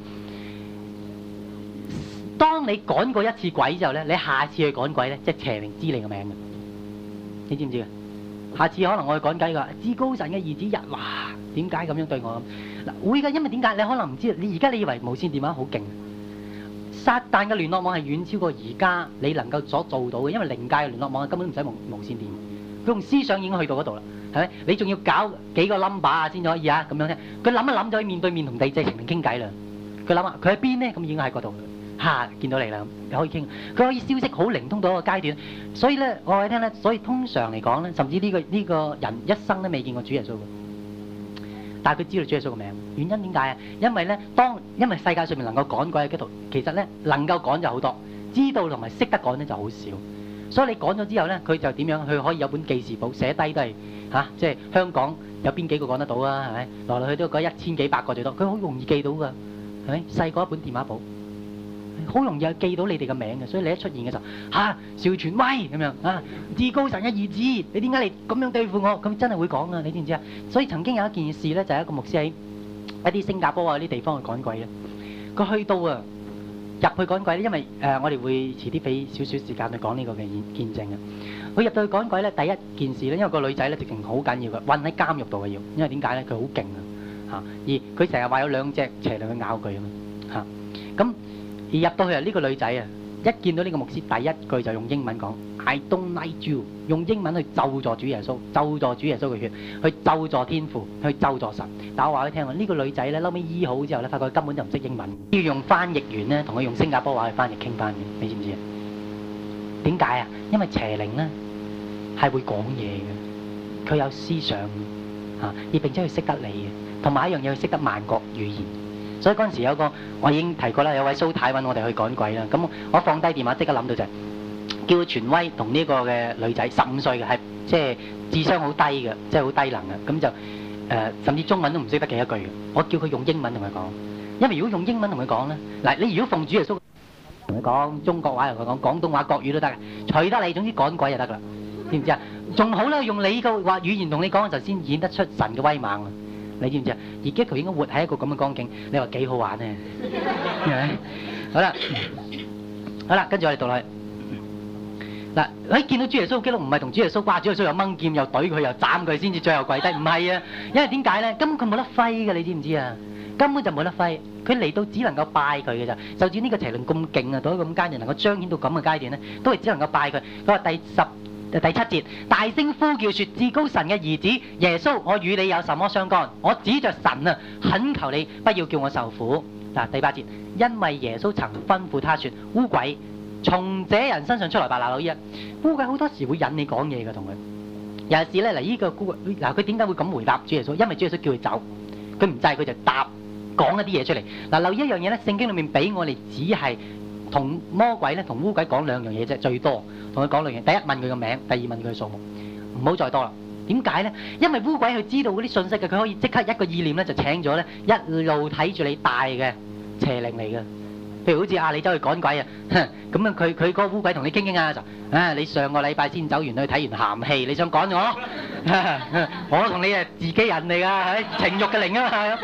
S1: 當你趕過一次鬼之後咧，你下次去趕鬼咧，即係邪靈知你個名嘅，你知唔知？下次可能我去趕鬼，佢話：至高神嘅兒子日，哇！點解咁樣對我咁嗱？會嘅，因為點解？你可能唔知啊。你而家你以為無線電話好勁，撒旦嘅聯絡網係遠超過而家你能夠所做到嘅，因為靈界嘅聯絡網根本唔使無無線電，佢用思想已經去到嗰度啦，係咪？你仲要搞幾個 number 先可以啊？咁樣咧，佢諗一諗就可以面對面同地際邪靈傾偈啦。佢諗下，佢喺邊咧？咁已經喺嗰度。嚇！見到你啦，你可以傾。佢可以消息好靈通到一個階段，所以咧，我話你聽咧，所以通常嚟講咧，甚至呢個呢個人一生都未見過主耶穌喎。但係佢知道主耶穌嘅名，原因點解啊？因為咧，當因為世界上面能夠趕鬼嘅基督徒，其實咧能夠趕就好多，知道同埋識得趕咧就好少。所以你趕咗之後咧，佢就點樣？佢可以有本記事簿寫低都係嚇，即係香港有邊幾個趕得到啊？係咪來來去都嗰一千幾百個最多？佢好容易記到㗎，係咪細過一本電話簿？好容易係記到你哋嘅名嘅，所以你一出現嘅時候嚇，邵傳威咁樣啊，至高神嘅兒子，你點解你咁樣對付我？咁真係會講啊！你知唔知啊？所以曾經有一件事咧，就係一個牧師喺一啲新加坡啊啲地方去趕鬼嘅。佢去到啊入去趕鬼咧，因為誒我哋會遲啲俾少少時間去講呢個嘅見證嘅。佢入到去趕鬼咧，第一件事咧，因為個女仔咧直情好緊要嘅，困喺監獄度嘅要，因為點解咧佢好勁啊嚇，而佢成日話有兩隻邪靈去咬佢啊嘛嚇咁。而入到去啊，呢個女仔啊，一見到呢個牧師，第一句就用英文講：I don't like you。用英文去咒詛主耶穌，咒詛主耶穌嘅血，去咒詛天父，去咒詛神。但係我話畀你聽啊，呢個女仔呢，後尾醫好之後呢，發覺佢根本就唔識英文，要用翻譯員呢，同佢用新加坡話去翻譯，傾翻嘅。你知唔知啊？點解啊？因為邪靈呢係會講嘢嘅，佢有思想吓，而並且佢識得你嘅，同埋一樣嘢，佢識得萬國語言。所以嗰陣時有個，我已經提過啦，有位蘇太揾我哋去趕鬼啦。咁我放低電話，即刻諗到就係、叫傳威同呢個嘅女仔，十五歲嘅係即係智商好低嘅，即係好低能嘅。咁就、呃、甚至中文都唔識得幾多句嘅。我叫佢用英文同佢講，因為如果用英文同佢講呢，嗱你如果奉主耶穌同佢講中國話，同佢講廣東話、國語都得嘅，隨得你，總之趕鬼就得噶啦，知唔知啊？仲好啦，用你個話語言同你講就先演得出神嘅威猛。你知唔知啊？而基督應該活喺一個咁嘅光景，你話幾好玩啊？係咪？好啦，好啦，跟住我哋讀落去。嗱，你見到主耶穌基督唔係同主耶穌掛住，主耶穌又掹劍又懟佢，又斬佢，先至最後跪低。唔係啊，因為點解咧？根本佢冇得揮嘅，你知唔知啊？根本就冇得揮。佢嚟到只能夠拜佢嘅咋。就似呢個邪靈咁勁啊，到一個咁階段能夠彰顯到咁嘅階段咧，都係只能夠拜佢。佢話，第十。第七節，大聲呼叫說，至高神嘅兒子耶穌，我與你有什麼相干？我指著神啊，懇求你不要叫我受苦。第同魔鬼咧，同烏鬼講兩樣嘢啫，最多同佢講兩樣。第一問佢個名，第二問佢嘅數目，唔好再多啦。點解咧？因為烏鬼佢知道嗰啲信息嘅，佢可以即刻一個意念咧就請咗咧，一路睇住你大嘅邪靈嚟嘅。譬如好似啊，你走去趕鬼啊，咁啊佢佢嗰個烏鬼同你傾傾啊就，啊你上個禮拜先走完去睇完鹹戲，你想趕我？我同你啊自己人嚟噶，情慾嘅靈啊嘛，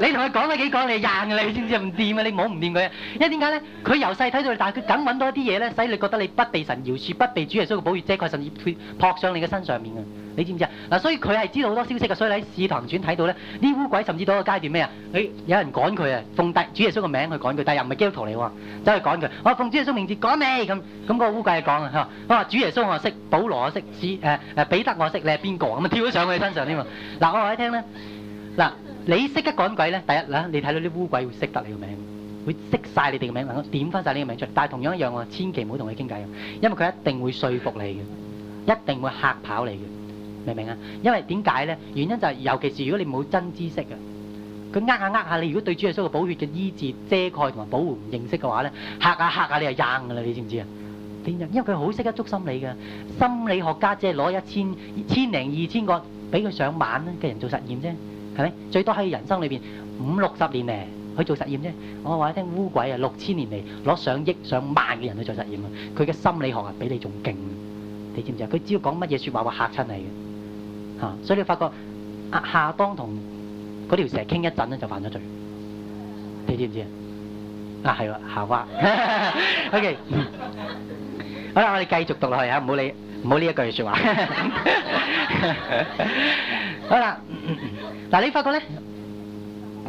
S1: 你同佢講咗幾講，你應你先至唔掂啊，你唔好唔掂佢，因為點解咧？佢由細睇到你，但係佢梗揾到一啲嘢咧，使你覺得你不被神饒恕，不被主耶穌寶月遮蓋，佢甚至會撲上你嘅身上面啊！你知唔知啊？嗱，所以佢係知道好多消息嘅，所以喺《使徒行傳》睇到咧，啲烏鬼甚至到個階段咩啊？佢有人趕佢啊，奉大主耶穌個名去趕佢，但係又唔係基督徒嚟喎，走去趕佢。我奉主耶穌名字趕你咁，咁個烏鬼係講啊，佢話：我話主耶穌我識，保羅我識，主誒誒彼得我識，你係邊個？咁啊跳咗上佢身上添啊！嗱，我話你聽咧，嗱，你識得趕鬼咧，第一啦，你睇到啲烏鬼會識得你個名，會識曬你哋個名，能夠點翻曬你個名出嚟。但係同樣一樣，我千祈唔好同佢傾偈，因為佢一定會說服你嘅，一定會嚇跑你嘅。明唔明啊？因為點解咧？原因就係、是、尤其是如果你冇真知識啊，佢呃下呃下你。如果對主耶穌嘅寶血嘅醫治遮蓋同埋保護唔認識嘅話咧，嚇下嚇下你，你就硬噶啦！你知唔知啊？點因為佢好識得捉心理嘅心理學家，只係攞一千千零二千個俾佢上萬嘅人做實驗啫，係咪？最多喺人生裏邊五六十年嚟去做實驗啫。我話你聽烏鬼啊，六千年嚟攞上億上萬嘅人去做實驗啊。佢嘅心理學係比你仲勁，你知唔知啊？佢只要講乜嘢説話，會嚇親你嘅。啊！所以你發覺啊，夏當同嗰條蛇傾一陣咧，就犯咗罪。你知唔知啊？啊，係啦，夏娃。 O.K.、嗯、好啦，我哋繼續讀落去吓，唔好理唔好呢一句説話。 好啦，嗱、 啊，你發覺咧，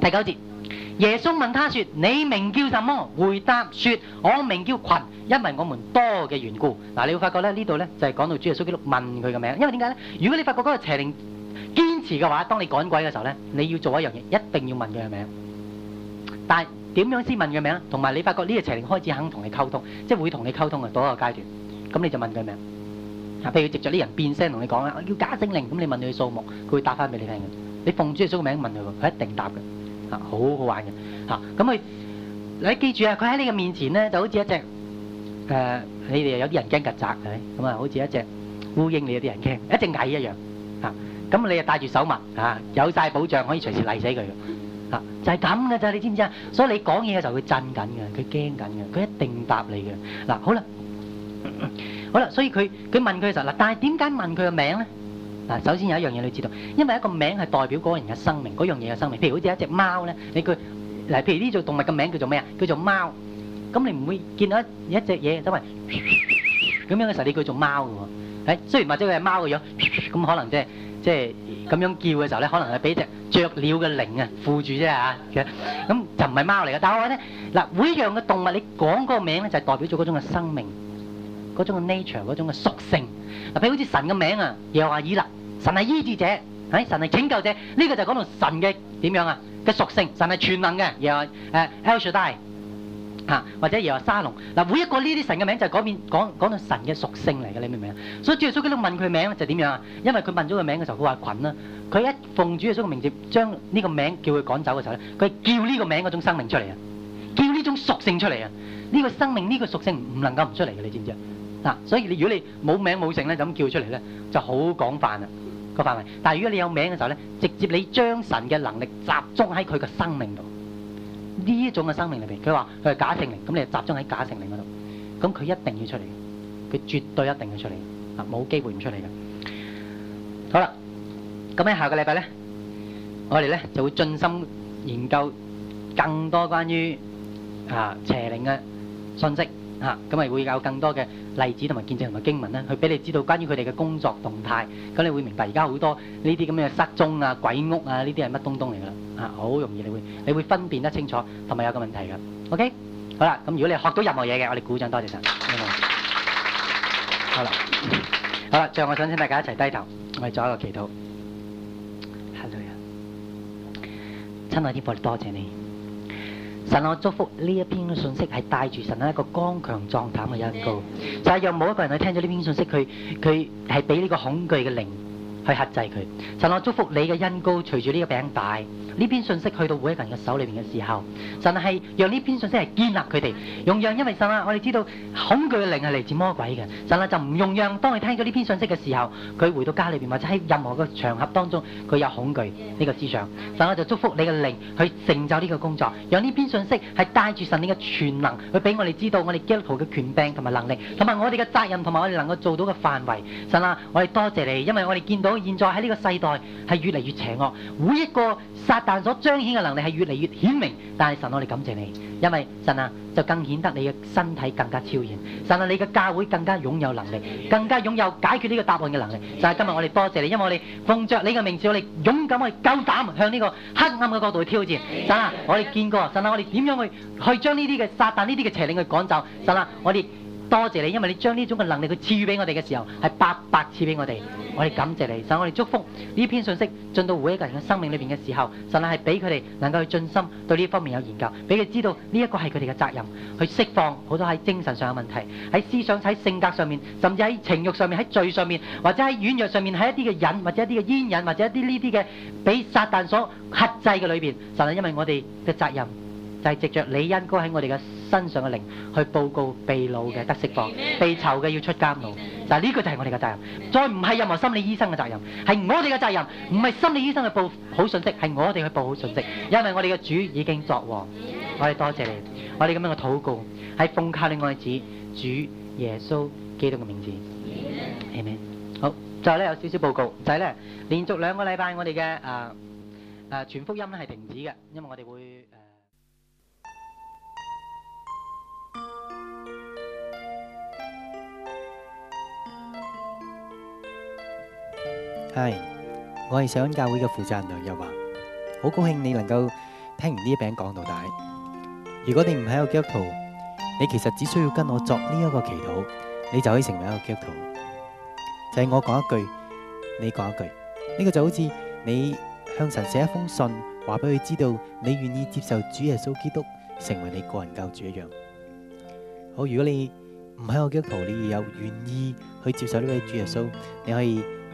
S1: 第九節。耶穌問他說,你名叫什麼？回答說我名叫群，因為我們多嘅緣故。嗱，你會發覺咧呢度咧，就係講到主耶穌基督問佢嘅名。因為點解咧？如果你發覺嗰個邪靈，堅持嘅話，當你趕鬼嘅時候咧，你要做一樣嘢，一定要問佢嘅名。但係點樣先問佢嘅名？同埋你發覺呢個邪靈開始肯同你溝通，即係會同你溝通嘅多一個階段，咁你就問佢名。嗱，譬如藉着啲人變聲同你講啦，叫假聖靈，咁你問佢數目，佢會答翻俾你聽嘅。你奉主耶穌嘅名問佢，佢一定答嘅。啊，好好玩嘅嚇，咁佢你記住啊，佢喺你嘅面前咧，就好似一隻誒，你哋有啲人驚曱甴，係咁啊，好似一隻烏蠅，你有啲人驚，一隻蟻一樣啊，咁你啊戴住手襪啊，有曬保障，可以隨時嚟死佢啊，就係咁嘅咋，你知唔知啊？所以你講嘢嘅時候會震緊嘅，佢驚緊嘅，佢一定答你嘅。嗱，好啦，好啦，所以佢佢問佢嘅時候，嗱，但係點解問佢個名咧？嗱，首先有一樣嘢你知道，因為一個名係代表嗰個人嘅生命，嗰樣嘢嘅生命。譬如好似一隻貓咧，你佢嗱，譬如呢種動物嘅名叫做咩啊？叫做貓。咁你唔會見到一一隻嘢，因為咁樣嘅時候，你叫做貓嘅喎。誒，雖然或者佢係貓嘅樣，咁可能即係即係咁樣叫嘅時候咧，可能係俾隻雀鳥嘅靈啊附住啫嚇。咁就唔係貓嚟嘅。但我覺得嗱，每樣嘅動物，你講嗰個名咧，就係代表咗嗰種嘅生命。嗰種嘅 nature，嗰種嘅屬性，嗱，譬如好似神嘅名啊，又話以勒，神係醫治者，係神係拯救者，呢個就講到神嘅點樣啊嘅屬性，神係全能嘅，又話誒 el shaddai 或者又話沙龍，嗱，每一個呢啲神嘅名就講變講講到神嘅屬性嚟嘅，你明唔明啊？所以主耶穌基督問佢名就點樣啊？因為佢問咗佢名嘅時候，佢話菌啊，佢一奉主耶穌基督名字將呢個名叫佢趕走嘅時候咧，佢叫呢個名嗰種生命出嚟啊，叫呢種屬性出嚟啊，呢個生命呢個屬性唔能夠唔出嚟嘅，你知唔知啊？嗱，所以你如果你冇名冇姓咧，就咁叫出嚟咧，就好廣泛啦個範圍。但係如果你有名嘅時候咧，直接你將神嘅能力集中喺佢嘅生命度，呢一種嘅生命裏邊，佢話佢係假聖靈，咁你就集中喺假聖靈嗰度，咁佢一定要出嚟，佢絕對一定要出嚟，啊冇機會唔出嚟嘅。好啦，咁喺下個禮拜咧，我哋咧就會盡心研究更多關於啊邪靈嘅信息。嚇，咁咪會有更多嘅例子同埋見證同埋經文咧，去俾你知道關於佢哋嘅工作動態。咁你會明白而家好多呢啲咁嘅失蹤啊、鬼屋啊呢啲係乜東東嚟㗎啦？嚇，好容易你會你會分辨得清楚同埋有個問題㗎。OK，好啦，咁如果你學到任何嘢嘅，我哋鼓掌多謝晒。 好啦，好啦，最後我想請大家一齊低頭，我哋做一個祈禱。
S2: Hello 啊，
S1: 親愛的佛，多謝你。神我祝福呢一篇信息係帶住神一個剛強壯膽嘅一個，mm hmm. 就係又冇一個人去聽咗呢篇信息，佢佢係俾呢個恐懼嘅靈。去克制佢。神啊，祝福你嘅恩膏，隨住呢個餅大呢篇信息去到每一個人嘅手裏邊嘅時候，神啊，係讓呢篇信息係建立佢哋用讓，因為神啊，我哋知道恐懼嘅靈係嚟自魔鬼嘅，神啊就唔用讓。當你聽咗呢篇信息嘅時候，佢回到家裏邊或者喺任何嘅場合當中，佢有恐懼呢個思想。神啊，就祝福你嘅靈去成就呢個工作，讓呢篇信息係帶住神你嘅全能去俾我哋知道，我哋基督徒嘅權柄同埋能力，同埋我哋嘅責任同埋我哋能夠做到嘅範圍。神啊，我哋多謝你，因為我哋見到。現在喺呢個世代係越嚟越邪惡，每一個撒但所彰顯嘅能力係越嚟越顯明。但係神，我哋感謝你，因為神啊，就更顯得你嘅身體更加超然。神啊，你嘅教會更加擁有能力，更加擁有解決呢個答案嘅能力。就係、啊、今日我哋多謝你，因為我哋奉着你嘅名字，我哋勇敢去、夠膽向呢個黑暗嘅國度去挑戰。神啊，我哋見過神啊，我哋點樣去去將呢啲嘅撒但、呢啲嘅邪靈去趕走。神啊，我哋。多謝你，因為你將呢種嘅能力去賜予俾我哋嘅時候，係白白賜俾我哋，我哋感謝你。神，我哋祝福呢篇信息進到每一個人嘅生命裏邊嘅時候，神係俾佢哋能夠去盡心對呢方面有研究，俾佢知道呢一個係佢哋嘅責任，去釋放好多喺精神上有問題、喺思想、喺性格上面，甚至喺情欲上面、喺罪上面，或者喺軟弱上面，喺一啲嘅癮或者一啲嘅煙癮或者一啲呢啲嘅俾撒但所克制嘅裏邊。神係因為我哋嘅責任。係藉着你恩膏喺我哋嘅身上嘅靈去報告，被擄嘅得釋放，被囚嘅要出監獄。嗱，呢個就係我哋嘅責任，再唔係任何心理醫生嘅責任，係我哋嘅責任，唔係心理醫生去報好信息，係我哋去報好信息，因為我哋嘅主已經作王。我哋多謝你，我哋咁樣嘅禱告，係奉靠你愛子主耶穌基督嘅名字。係咪好？最後呢，有少少報告，就係呢，連續兩個禮拜我哋嘅全福音係停止嘅，因為我哋會
S3: 係，我係上恩教會嘅負責人梁日華，好高興你能夠聽完呢一餅講到大。如果你唔係一個基督徒，你其實只需要跟我作呢一個祈禱，你就可以成為一個基督徒。就係我講一句，你講一句，呢個就好似你向神寫一封信，話俾佢知道你願意接受主耶穌基督成為你個人教主一樣。好，如果你唔係我基督徒，你又有願意去接受呢位主耶穌，你可以。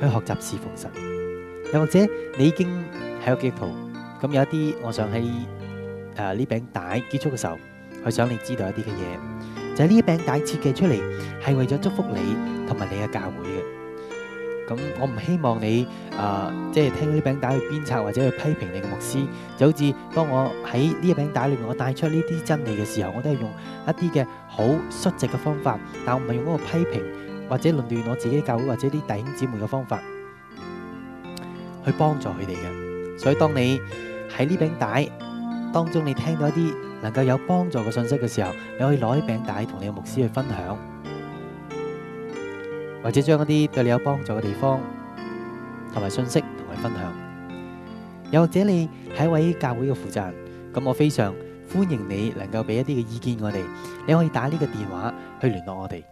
S3: 去學習侍奉神，又或者你已經喺個基督徒，咁有一啲，我想喺誒呢餅帶結束嘅時候，去想你知道一啲嘅嘢，就係呢餅帶設計出嚟係為咗祝福你同埋你嘅教會嘅。咁我唔希望你誒，即係聽到呢餅帶去鞭策或者去批評你嘅牧師，就好似當我喺呢一餅帶裏面，我帶出呢啲真理嘅時候，我都係用一啲嘅好率直嘅方法，但我唔係用嗰個批評。或者論斷我自己教會或者啲弟兄姊妹嘅方法去幫助佢哋嘅，所以當你喺呢餅帶當中，你聽到一啲能夠有幫助嘅信息嘅時候，你可以攞啲餅帶同你嘅牧師去分享，或者將一啲對你有幫助嘅地方同埋信息同佢分享。又或者你係一位教會嘅負責人，咁我非常歡迎你能夠俾一啲嘅意見我哋，你可以打呢個電話去聯絡我哋。